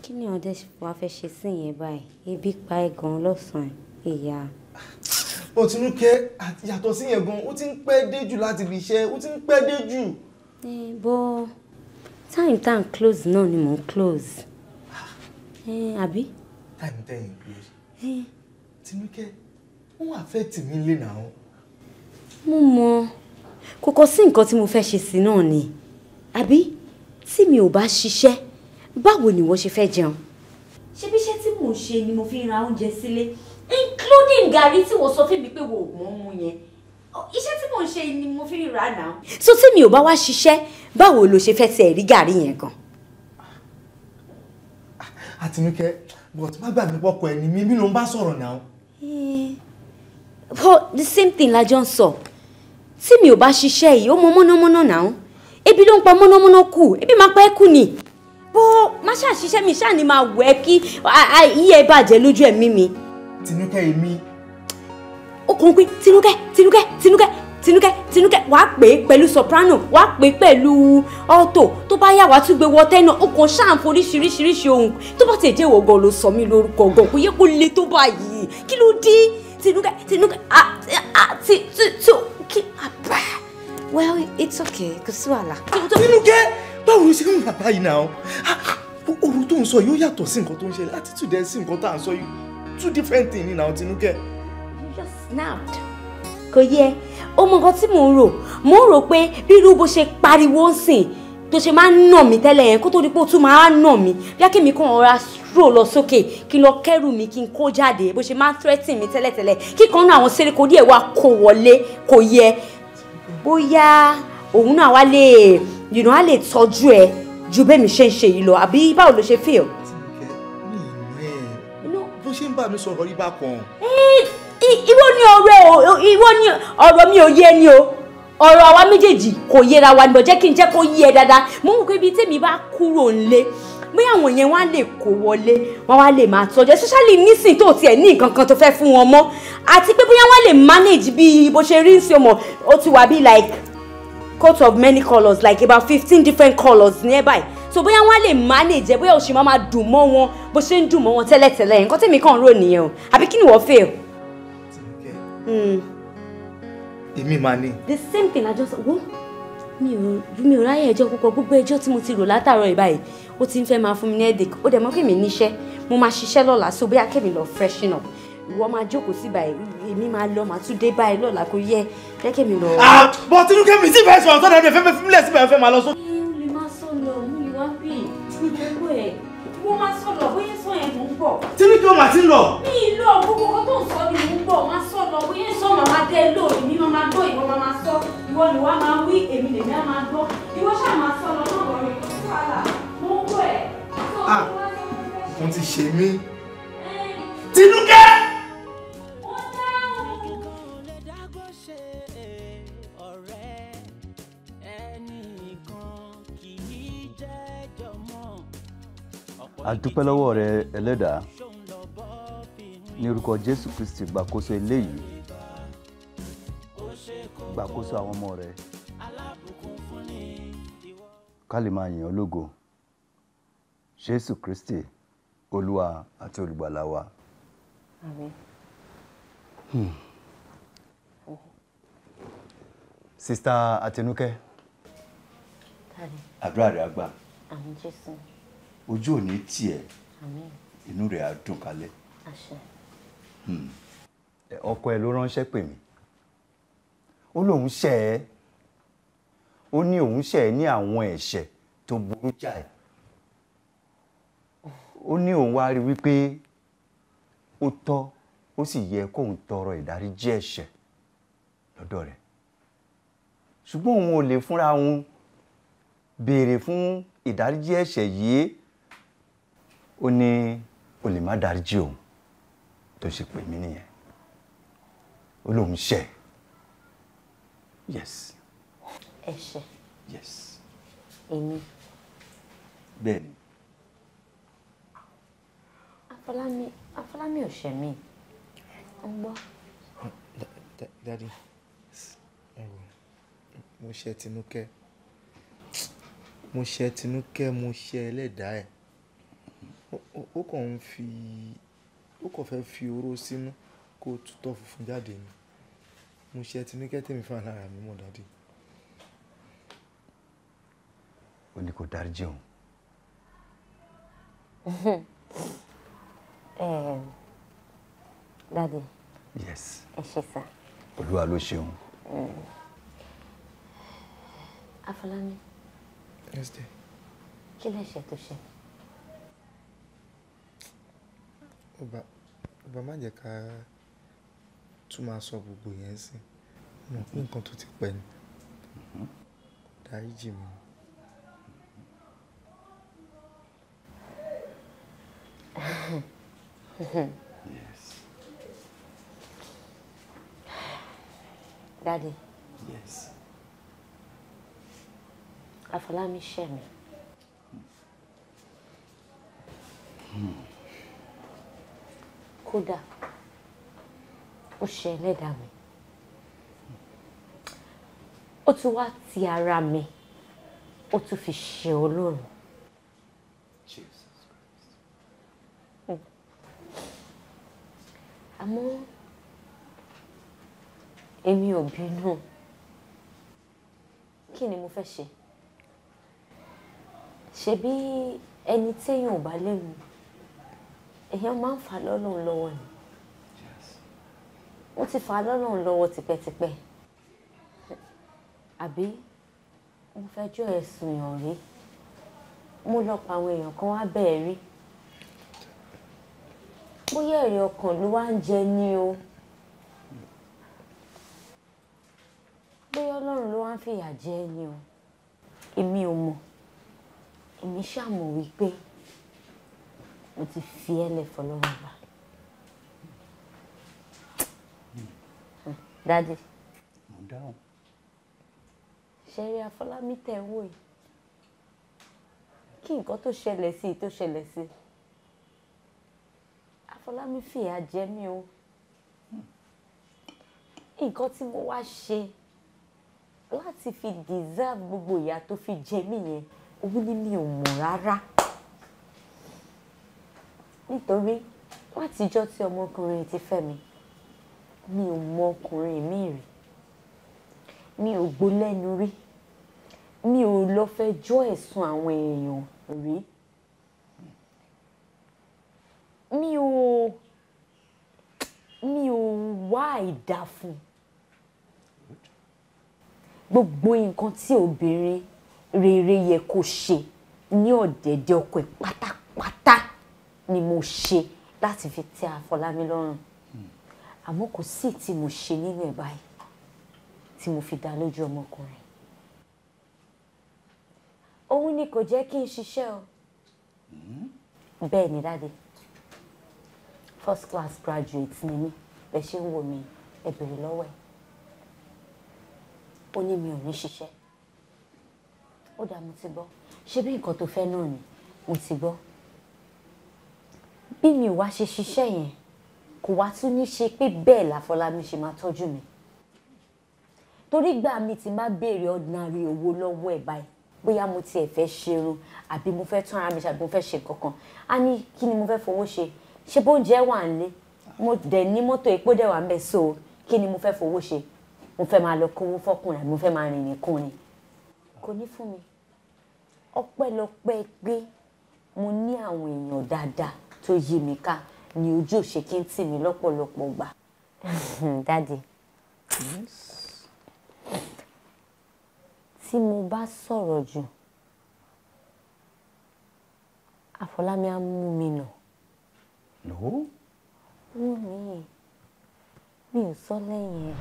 kí ni ọdẹ wàá fẹ́ ṣe sí yẹn báyìí ebi pa ẹ́ gan-an ìyá but Tinúkẹ́ yàtọ̀ sí yẹn gan ó ti ń pẹ́ dé jù láti ibi iṣẹ́ ó ti ń pẹ́ dé jù. ẹ bọ time tan close náà ni mò ń close àbí. time ten yìí close Tinúkẹ́ wọn affect mi lè nà án. mo mọ kò kọ sí nǹkan tí mo fẹ́ ṣe sí náà ni àbí tí mi ò bá ṣiṣẹ́ báwo ni wọ́n ṣe fẹ́ jẹun. ṣebí iṣẹ́ tí mò ń ṣe ni mo fi ń ra oúnjẹ sílé. Si including gàrí tí wọ́n sọ fún mi pé wò ó mọ̀ mu yẹn iṣẹ́ tí mò ń ni mo fi rà náà. so tí mi ò bá wá ṣiṣẹ́ báwo lo ṣe fẹ́ tiẹ̀ rí gàrí yẹn gan. Àtinúkẹ́ but má gbàgbé pọkọ ẹ ni mi mi ló ń bá sọ̀rọ̀ náà. Eh, the same thing la jọ ń sọ tí mi ò bá ṣiṣẹ́ yìí ó mọ mọ́nàmọ́ná náà ebi ló ń pa mọ́nàmọ́ná kù ebi máa pa ẹ́ kù ni bó má ṣàṣiṣẹ́ mi ṣáà ni máa wẹ̀ I, iye bàjẹ́ lójú ẹ̀mí mi. mi tinúkẹ́ èmi. ó kàn pín tinúkẹ́ tinúkẹ́ tinúkẹ́ tinúkẹ́ tinúkẹ́ wàá pè é pẹ̀lú soprano wàá pè é pẹ̀lú alto tó bá yà wàá tún wọ tẹ́nà ó kàn ṣàǹfọ̀ oríṣiríṣiríṣi ohun tó bá tẹ̀ jẹ́ ìwọ̀gàn ló sọ mí lórúkọ gan kò yẹ kó le tó báyìí kí ló dé tinúkẹ́ tinúkẹ́ àti tí tí kí àbá well it's okay kò sí wàhálà. tinúkẹ́ báwo ló ṣe ń bàbá yìí náà ọ̀rọ̀ tó ń sọ yóò yàtọ̀ sí nǹkan tó ń ṣẹlẹ̀ attitude ẹ̀ sí nǹkan tá à ń sọ yìí two different things nínú àwọn you just snapped. Koye, yẹ ó mọ nǹkan tí mò ń rò mò ń rò pé bírú bó pariwo ń sìn tó ṣe máa ń nà mí tẹ́lẹ̀ yẹn kó tó di pé ó tún mi nà mí bí akémi kan ọ̀ra stroll lọ sókè kí n lọ kẹ́rù mi kí n kó jáde bó ṣe threaten mi tele kí kan náà àwọn sẹ́ríkò díẹ̀ wá kó wọlé kò yẹ bóyá òun náà wá lè yìnyín á lè tọ́jú ẹ ju bẹ́ẹ̀ mi ṣe ń ṣe yìí lọ àbí báwo ló feel bá mi sọ̀rọ̀ yìí bá kàn. ìwọ ni ọ̀rọ̀ ìwọ ni ọ̀rọ̀ mi ò yé ni o ọ̀rọ̀ àwa méjèèjì kò yẹra wa níbọ̀ jẹ́ kí n jẹ́ kó yé ẹ dáadáa mo mọ̀ pé ibi tèmi bá kúrò nílé bóyá àwọn yẹn wá lè kó wọlé wọn wá lè máa tọ́jú especially nísìn tó tiẹ̀ ní nǹkan kan tó fẹ́ fún wọn mọ́ àti pé bóyá wọn lè manage bí bó ṣe rí sí ọmọ ó ti wà bí like coat of many colours like about fifteen different colours nearby so bóyá wọ́n á lè manage ẹ bóyá o ṣì máa máa dùn mọ́ wọn bó ṣe ń dùn mọ́ wọn tẹ́lẹ̀tẹ́lẹ̀ nǹkan tèmi kàn rò nìyẹn o àbí kí ni wọ́n fẹ́ o. èmi máa ní. the same thing àjọsọ wo mi ò mi ò ráyè ẹjọ́ púpọ̀ gbogbo ẹjọ́ tí mo ti rò látàárọ̀ ìbáyìí ó ti ń fẹ́ máa fún mi ní headache ó dẹ̀ mọ́ kí mi níṣẹ́ mo máa ṣiṣẹ́ lọ́la so bóyá kẹ́mi lọ freshen up ìwọ máa jókòó sí báyìí èmi máa lọ màá tún dé báyìí lọ́la kò yẹ jẹ́ kẹ́mi lọ. àbọ̀ ah, tinúkẹ́ mi sì fẹ́ sọ̀rọ̀ sọ́dọ̀ ọ̀dẹ̀ fẹ́fẹ́ fúnlẹ̀ síbẹ̀ fẹ́ máa lọ sókè. mi ò lọ mú wá bí kí o máa ti ń lọ. mi ì lọ gbogbo nǹkan tó ń sọ ni mò ń bọ̀ máa sọ lọ bóyá sọ màmá dé lórí mi máa gbọ́ ìwọ máa sọ ìwọ ni wàá máa wí èmi lèmi á máa gbọ́ ìwọ ṣáà máa sọ lọ náà wọlé mò ń bọ̀ ẹ̀. ah wọ́n ti ṣe mí. Tinúkẹ́. adúpẹ́ lọ́wọ́ rẹ ẹlẹ́dàá ní orúkọ jésù kristi gbàkóso eléyìí gbàkóso àwọn ọmọ rẹ ká lè máa yìn ọ́ lógo jésù kristi olúwa àti olùgbàlà wa. Hmm. sista Àtinúkẹ́ àdúrà rẹ àgbà. àmín jésù ojú ò ní tiẹ̀ inú rẹ̀ á dùn kálẹ̀. Hmm. ọkọ ẹ ló ránṣẹ́ pè mí ó lóun ṣẹ̀ ẹ́ ó ní òun ṣẹ̀ ẹ́ ní àwọn ẹ̀ṣẹ̀ tó burú jáì ó ní òun wá rí wípé ó tọ́ ó sì yẹ kóun tọrọ ìdáríjì ẹ̀ṣẹ̀ lọ́dọ̀ rẹ̀ ṣùgbọ́n òun ò lè fúnra òun béèrè fún ìdáríjì ẹ̀ṣẹ̀ yìí ó ní o lè má dáríjì òun tó ṣe pè mí nìyẹn ó lóun ṣẹ̀ yes. ẹ̀ṣẹ̀. yes. èmi. bẹ́ẹ̀ni. afọlámi afọlámi ò ṣẹ̀ mí ń gbọ́. dadi ẹ̀rù mo ṣẹ̀ tinúkẹ́ mo ṣẹ̀ tinúkẹ́ mo ṣẹ̀ ẹlẹ́dàá ẹ̀ ó kàn ń fi, ó kàn fẹ́ fi oró sínú kó tutọ́ funfun jáde ni. Mo ṣe ẹti ní kẹ́tẹ̀ fún alára mi mọ̀ daddy. Ó ní kó dáríjì òun. <laughs> Daddy. Yes. Ẹ ṣé sá. Olúwa ló ṣeun. Afọlámi. Yes, dear. Kí lẹ ṣe tó ṣe? Ọba má jẹ ká tún máa sọ gbogbo yẹn sí. Mo mọ̀ pé nǹkan tó ti pẹ́ ni. Dáríji mi. Yes. Daddy. Yes. Àfọlámi ṣẹ̀ mi. Hmm. hmm kódà ó ṣe ẹlẹ́dàá mi ó tún wá ti ara mi ó tún fi ṣe Ọlọ́run. àmọ́ èmi ò bínú kí ni mo fẹ́ ṣe ṣebí ẹni téèyàn ò bá lè èèyàn máa ń fà lọ́lọ́run lọ́wọ́ ni ó ti fà lọ́lọ́run lọ́wọ́ tipẹ́tipẹ́ àbí mo fẹjọ́ ẹ̀sùn èèyàn rí mo lọ pa àwọn èèyàn kan wá bẹ́ẹ̀ rí bóyá èrè ọkàn ló wá ń jẹ ni o bóyá ọlọ́run ló wá ń fìyà jẹ ni o èmi ò mọ̀ èmi ṣàmọ̀ wípé mo ti fi ẹ́ lẹ̀ fọlọ́wọ́ bá. dádì. mo dáhùn. ṣẹ́rí afọlámi tẹ̀ ń wò yìí kí nǹkan tó ṣẹlẹ̀ sí i tó ṣẹlẹ̀ sí i afọlámi fìyà jẹ mí o nǹkan tí mo wá ṣe láti fi deserve gbogbo ìyà tó fi jẹ mí yẹn òun ni mi ò mọ̀ rárá nítorí látijọ́ tí ọmọkùnrin ti fẹ́ mi mi ò mọ ọkùnrin mi rí mi ò gbọ́ lẹ́nu rí mi ò lọ fẹ́ jọ́ ẹ̀sùn àwọn èèyàn rí mi ò mi ò wá àìdá fún gbogbo nǹkan tí obìnrin rere yẹ kó ṣe ní ọ̀dẹ̀dẹ̀ ọkọ ẹ̀ pátápátá ni mo ṣe láti fi tẹ́ Àfọlámi lọ́rùn àmọ́ kò sí tí mo ṣe nínú ẹ̀ báyìí tí mo fi dá lójú ọmọkùnrin òun ni kò jẹ́ kí n ṣiṣẹ́ o bẹ́ẹ̀ ni dáde first class graduate ni mí bẹ́ẹ̀ ṣe ń wò mí ẹ bèrè lọ́wọ́ ẹ̀ ó ní mi ò ní ṣiṣẹ́ ó dá mo ti gbọ́ ṣé bí nǹkan tó fẹ́ náà ni mo ti gbọ́ bí mi ò wá ṣe ṣiṣẹ́ yẹn kò wá tún ní ṣe pé bẹ́ẹ̀ làfọlámi ṣe máa tọ́jú mi torí gbà mi ti máa béèrè ordinary owó lọ́wọ́ ẹ̀ báyìí bóyá mo tiẹ̀ fẹ́ ṣerun àbí mo fẹ́ tún ara mi ṣe àbí mo fẹ́ ṣe kankan á ní kí ni mo fẹ́ fowó ṣe ṣe bóúnjẹ wà nílé mo dẹ̀ ní mọ́tò epo dẹ̀ wà ń bẹ̀ so kí ni mo fẹ́ fowó ṣe mo fẹ́ máa lọ kówó fọ́kùnrin àbí mo fẹ́ máa rìnrìn kùnrin kò ní fún mi ọpẹ́lọpẹ́ pé mo ní àwọn èèyàn dáadáa tó yí mi ká ni ojú òṣè kí n tì mí lọ́pọ̀lọpọ̀ gbà. <laughs> dáàdi tí mo bá sọ̀rọ̀ jù àfọlámi á mú mi nà. lò ó. wọ́n mi mi ò sọ lẹ́yìn ẹ̀.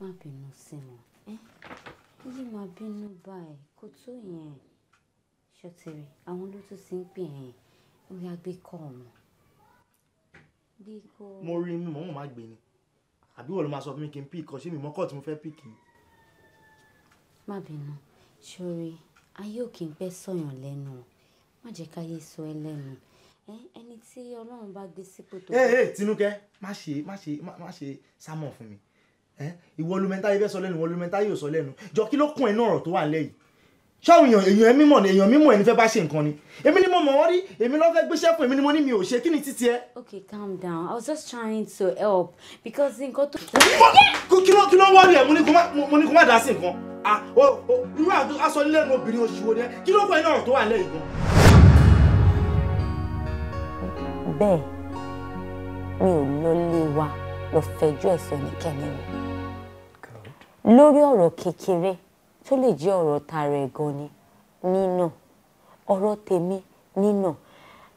má bínú sí wọn ẹ yí máa bínú báyìí kò tó yẹn ṣọtìrì àwọn ló tún ti ń pè yẹn ó yá gbé kọ́ ọ̀hún. mo rí inú mọ̀ mọ̀ má gbé ni àbí wọ́n ló máa sọ fún mi kí n píìkì ọ̀ṣẹ́ mi mọ́kọ́ tí mo fẹ́ píìkì. má bínú ṣorí ayé ò kì í pẹ́ sọ̀yàn lẹ́nu má jẹ́ káyé sọ ẹ́ lẹ́nu ẹni tí ọlọ́run bá gbé sípò tó. ẹ ẹ tinúkẹ́ má ṣe má ṣe má ṣe sámọ̀ fún mi ìwọ lómẹ́ntà yìí fẹ́ sọ lẹ́nu ìwọ lómẹ́ntà yìí ò sọ lẹ́nu jọ kí ló kún ẹ náà ọ̀rọ̀ tó wà lẹ́yìn ṣáwọn èèyàn mímọ̀ ni èèyàn mímọ̀ ẹni fẹ́ bá ṣe nǹkan ni èmi ni mo mọ̀ wọ́n rí èmi ló gbéṣẹ́ fún èmi ni mo ní mi ò ṣe kí ni títí ẹ. okay calm down i was just trying to help because nǹkan tó. kí ló kí ló wọ́ọ̀rì ẹ̀ mo ní kó má dá sí nǹkan irú aṣọ nílẹ̀ ní obìnrin oṣù wo ni ẹ kí ló fọ iná ọ̀rọ̀ tó wà lẹ́yìn gan. bẹ́ẹ̀ mi ò lọ lé wa lọ fẹjọ́ ẹ̀sùn ẹnikẹ́ni lórí ọ̀rọ̀ kékeré tó lè jẹ́ ọ̀rọ̀ tara ẹ̀ gan ni nínà ọ̀rọ̀ tèmi nínà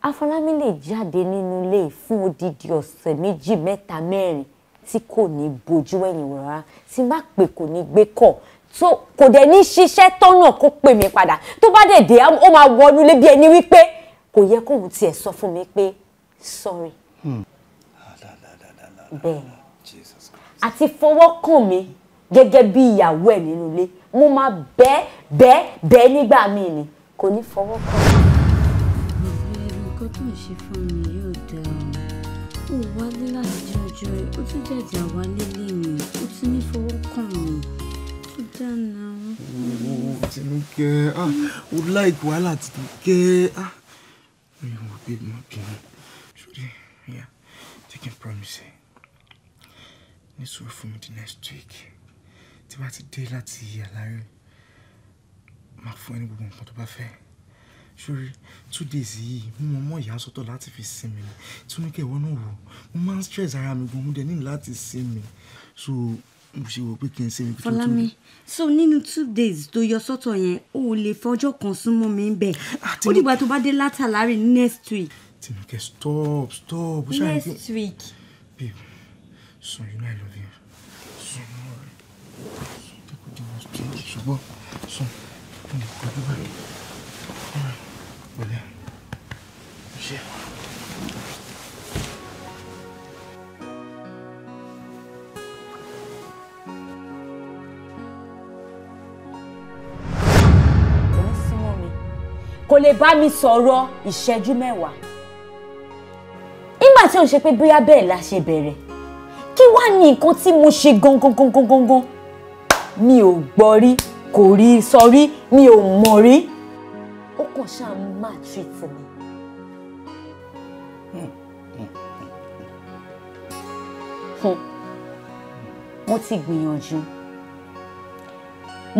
afọlámi lè jáde nínú ilé fún odidi ọ̀sẹ̀ méjì mẹ́ta mẹ́rin tí kò ní bojú ẹ̀yìn rárá tí má pè kò ní gbé kọ̀ tó kò dẹ̀ ní ṣiṣẹ́ tọ́nà kó pè mí padà tó bá dẹ̀ dé ó máa wọnú lé ẹni wípé kò yẹ kóun tiẹ̀ sọ fún mi pé sorry. Hmm. bẹ́ẹ̀ ni àti fọwọ́ kàn mí gẹ́gẹ́ bí ìyàwó ẹ̀ nínú ilé mo máa bẹ́ẹ̀ bẹ́ẹ̀ bẹ́ẹ̀ nígbà míì ni kò ní fọwọ́ kàn. nǹkan tó ń ṣe fún mi yóò dáa ó wálé láti jẹ ẹ ó tún jàjà wálé lé mi ó tún ní fọwọ́ kàn mi tó dáná. Tinúkẹ́ ó láìpẹ́ wàhálà Tinúkẹ́ mi ò bí mo bínú ṣùgbọ́n yeah, taking promise ní sùúrù fún mi the next week tí bá ti dé láti àlàyé máa fún ẹ gbogbo nǹkan tó bá fẹ́ sórí two days yìí mo mọ ọmọ ìyá sọ́tọ̀ láti fi sinmi ni túnúkẹ́ ìwọ náà wò mo máa ń stress ara mi gan mo dẹ̀ nílò láti sinmi so mo ṣe wò pé kí n sinmi. fọlámi so nínú two days tó yọ sọ́tọ̀ yẹn o ò lè fọjọ́ kan súnmọ́ mi ń bẹ̀ ah, ó dìgbà tó bá dé látàlárí next week. tinúkẹ́ stop stop. next week. babe son you know i love you. ṣùgbọ́n sùn ní ìkọjú báyìí pẹ̀lẹ́ ṣe. kò lè bá mi sọ̀rọ̀ ìṣẹ́jú mẹ́wàá nígbà tí ò ń ṣe pé bóyá bẹ́ẹ̀ la ṣe bẹ̀rẹ̀ kí wàá ní nǹkan tí mo ṣe gangan gangan gangan mi ò gbọ́ rí kò rí sọ rí mi ò mọ̀ rí ó kàn ṣáà máa treat mi. mo ti gbìyànjú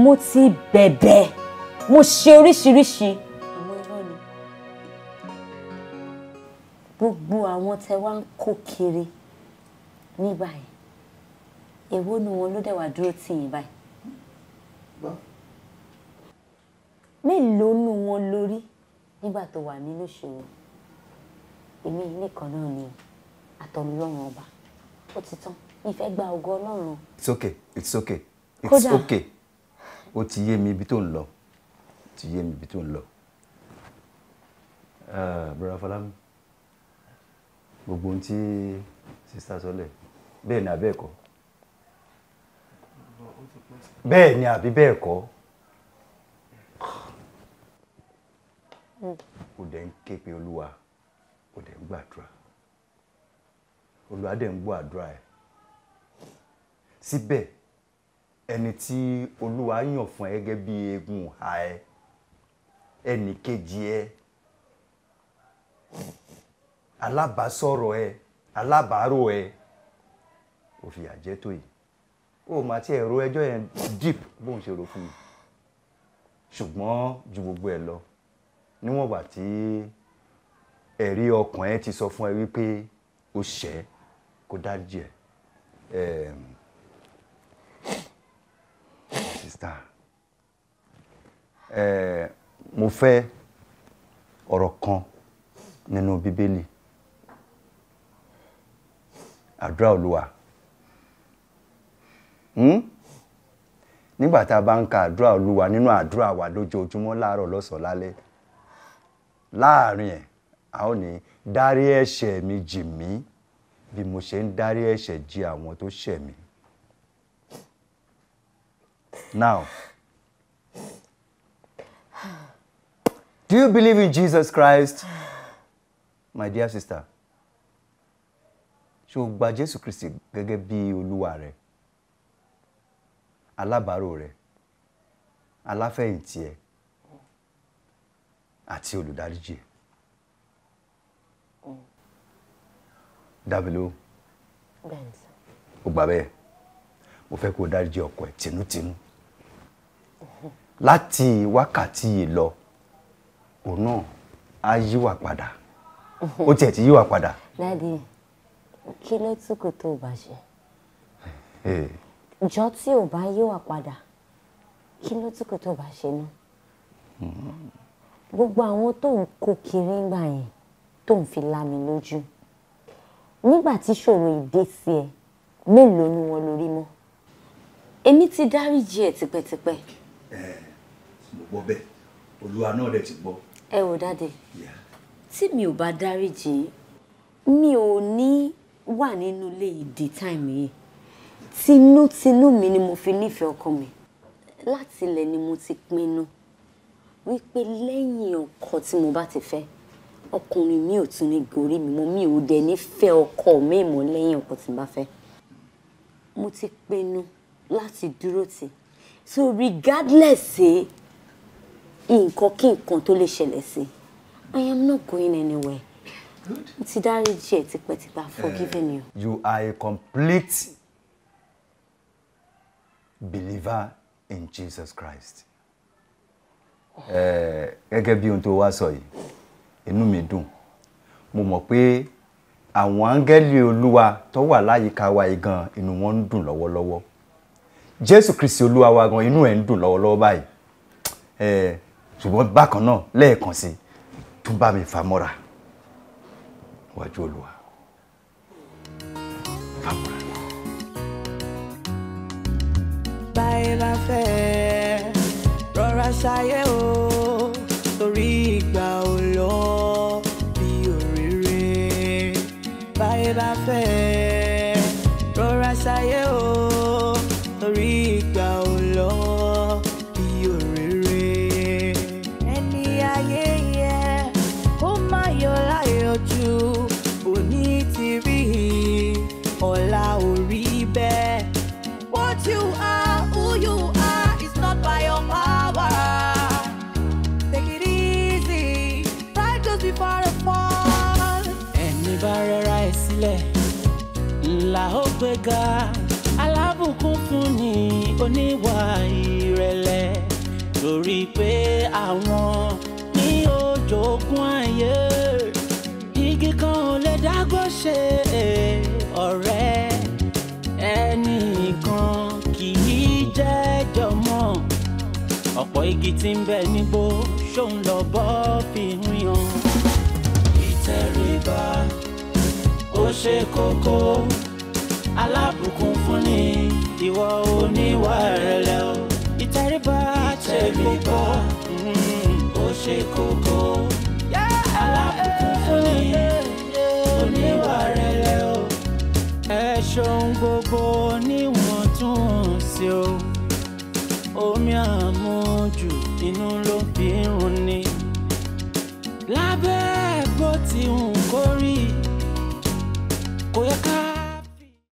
mo ti bẹ̀bẹ̀ mo ṣe oríṣiríṣi àwọn irọ́ ni gbogbo àwọn tẹ wá ń kó kiri ní báyìí èwo nu wọn ló dẹ̀ dúró tì yín báyìí. mélòó nù wọn lórí nígbà tó wà ní lóṣòwò èmi nìkan náà ni àtọ̀lọ́run ọba ó ti tán ìfẹ́ gba ògo ọlọ́run. it's okay it's okay it's Kódà. okay ó ti yé mi ibi tó ń lọ ti yé mi ibi tó ń lọ. Ah, bùrọ̀dá Fọlámi gbogbo ohun tí sista sọlẹ̀ bẹ́ẹ̀ ni àbẹ́ẹ̀kọ́ bẹ́ẹ̀ ni àbí bẹ́ẹ̀ kọ́. ó dẹ̀ ń ké pe olúwa ó dẹ̀ ń gbàdúrà olúwa dẹ̀ ń gbọ́ àdúrà ẹ̀ síbẹ̀ ẹni tí olúwa yàn fún ẹ gẹ́gẹ́ bí eegun ha ẹ ẹnì kejì ẹ alábàásọ̀rọ̀ ẹ alábàárò ẹ ò fìyà jẹ tó yìí ó mà tí ẹ ẹjọ́ yẹn deep bóun ṣe rò fún mi ṣùgbọ́n ju gbogbo ẹ lọ níwọ̀n ìgbà tí ẹ̀rí ọkàn ẹ ti sọ fún ẹ wípé o ṣẹ̀ kó dáríjì ẹ sista ẹ mo fẹ́ ọ̀rọ̀ kan nínú bíbélì àdúrà olúwa hmm? nígbà tá a bá ń ka àdúrà olúwa nínú àdúrà wa lójoojúmọ́ láàárọ̀ lọ́sàn lálẹ́ láàrin ẹ̀ a ó ní dárí ẹ̀ṣẹ̀ mi jì mí bí mo ṣe ń dárí ẹ̀ṣẹ̀ jì àwọn tó ṣẹ̀ mí. Now, do you believe in Jesus Christ? My dear sister, ṣé o gba Jésù Kristi gẹ́gẹ́ bí olúwa rẹ, alábàárò rẹ, aláfẹ̀yìntì ẹ? àti olùdáríjì ẹ̀. dábìlú ó gbà bẹ́ẹ̀ mo fẹ́ kó o dáríjì ọkọ ẹ̀ tinútinú láti wákàtí yìí lọ òun náà á yíwà padà ó tiẹ̀ ti yíwà padà. dádì kí ló tún kò tó bá ṣe jọ tí ò bá yíwà padà kí ló tún kò tó bá ṣe náà. Hmm gbogbo àwọn tó ń kó kiri ńgbà yẹn tó ń fi la mi lójú nígbà tí ṣòro ìdé sí ẹ mélòó ni wọn lórí mọ́ èmi ti dáríjì ẹ tipẹ́tipẹ́. ẹ mo gbọ́ bẹ́ẹ̀ olúwa náà rẹ ti gbọ́. ẹ wò dáde tí mi ò bá dáríjì mi ò ní wà nínú ilé ìdí táìmù yìí tinútinú mi ni mo fi nífẹ̀ẹ́ ọkọ mi láti ilẹ̀ ni mo ti pinnu. No wípé lẹ́yìn ọkọ tí mo bá ti fẹ́ ọkùnrin mi ò tún ní gorí mi mo mi ò dẹ̀ ní fẹ́ ọkọ mi mọ́ lẹ́yìn ọkọ tí mo bá fẹ́ mo ti pinnu láti dúró tì so regardless nǹkan kí nǹkan tó lè ṣẹlẹ̀ sí i am not going anywhere mo ti dáríjì ẹ́ tipẹ́tipẹ́ forgiven eh, you. you are a complete believer in Jesus Christ. Eh, gẹ́gẹ́ bí ohun tó wá sọ yìí inú mi dùn mo mọ̀ pé àwọn áńgẹ́lì olúwa tó wà láyìíká wa yìí gan inú wọn ń dùn lọ́wọ́lọ́wọ́ jésù kristi olúwa wa gan inú ẹ̀ ń dùn lọ́wọ́lọ́wọ́ báyìí eh, ṣùgbọ́n bákan náà lẹ́ẹ̀kan sí tún bá mi fà mọ́ra wájú olúwa fà mọ́ra. bá fẹ́ ẹ ṣayé o torí ìgbà ò lọ bí òréré báyé bá fẹ́ ṣe ọ̀rẹ́ ẹnìkan kì í jẹ́jọ́ mọ́ ọ̀pọ̀ igi tí ń bẹ nígbó ṣóun lọ bọ́ fi ń yan. ìtẹríba ó ṣe kókó alábùkún fún ni ìwọ oníwà ìrẹ̀lẹ̀ o. ìtẹríba ó ṣe kókó. ṣohun gbogbo níwọ̀ntúnwọ̀nsì o omi àmujù inú ló fi ń runi lábẹ́ bó ti hùn kórì kò yẹ ká.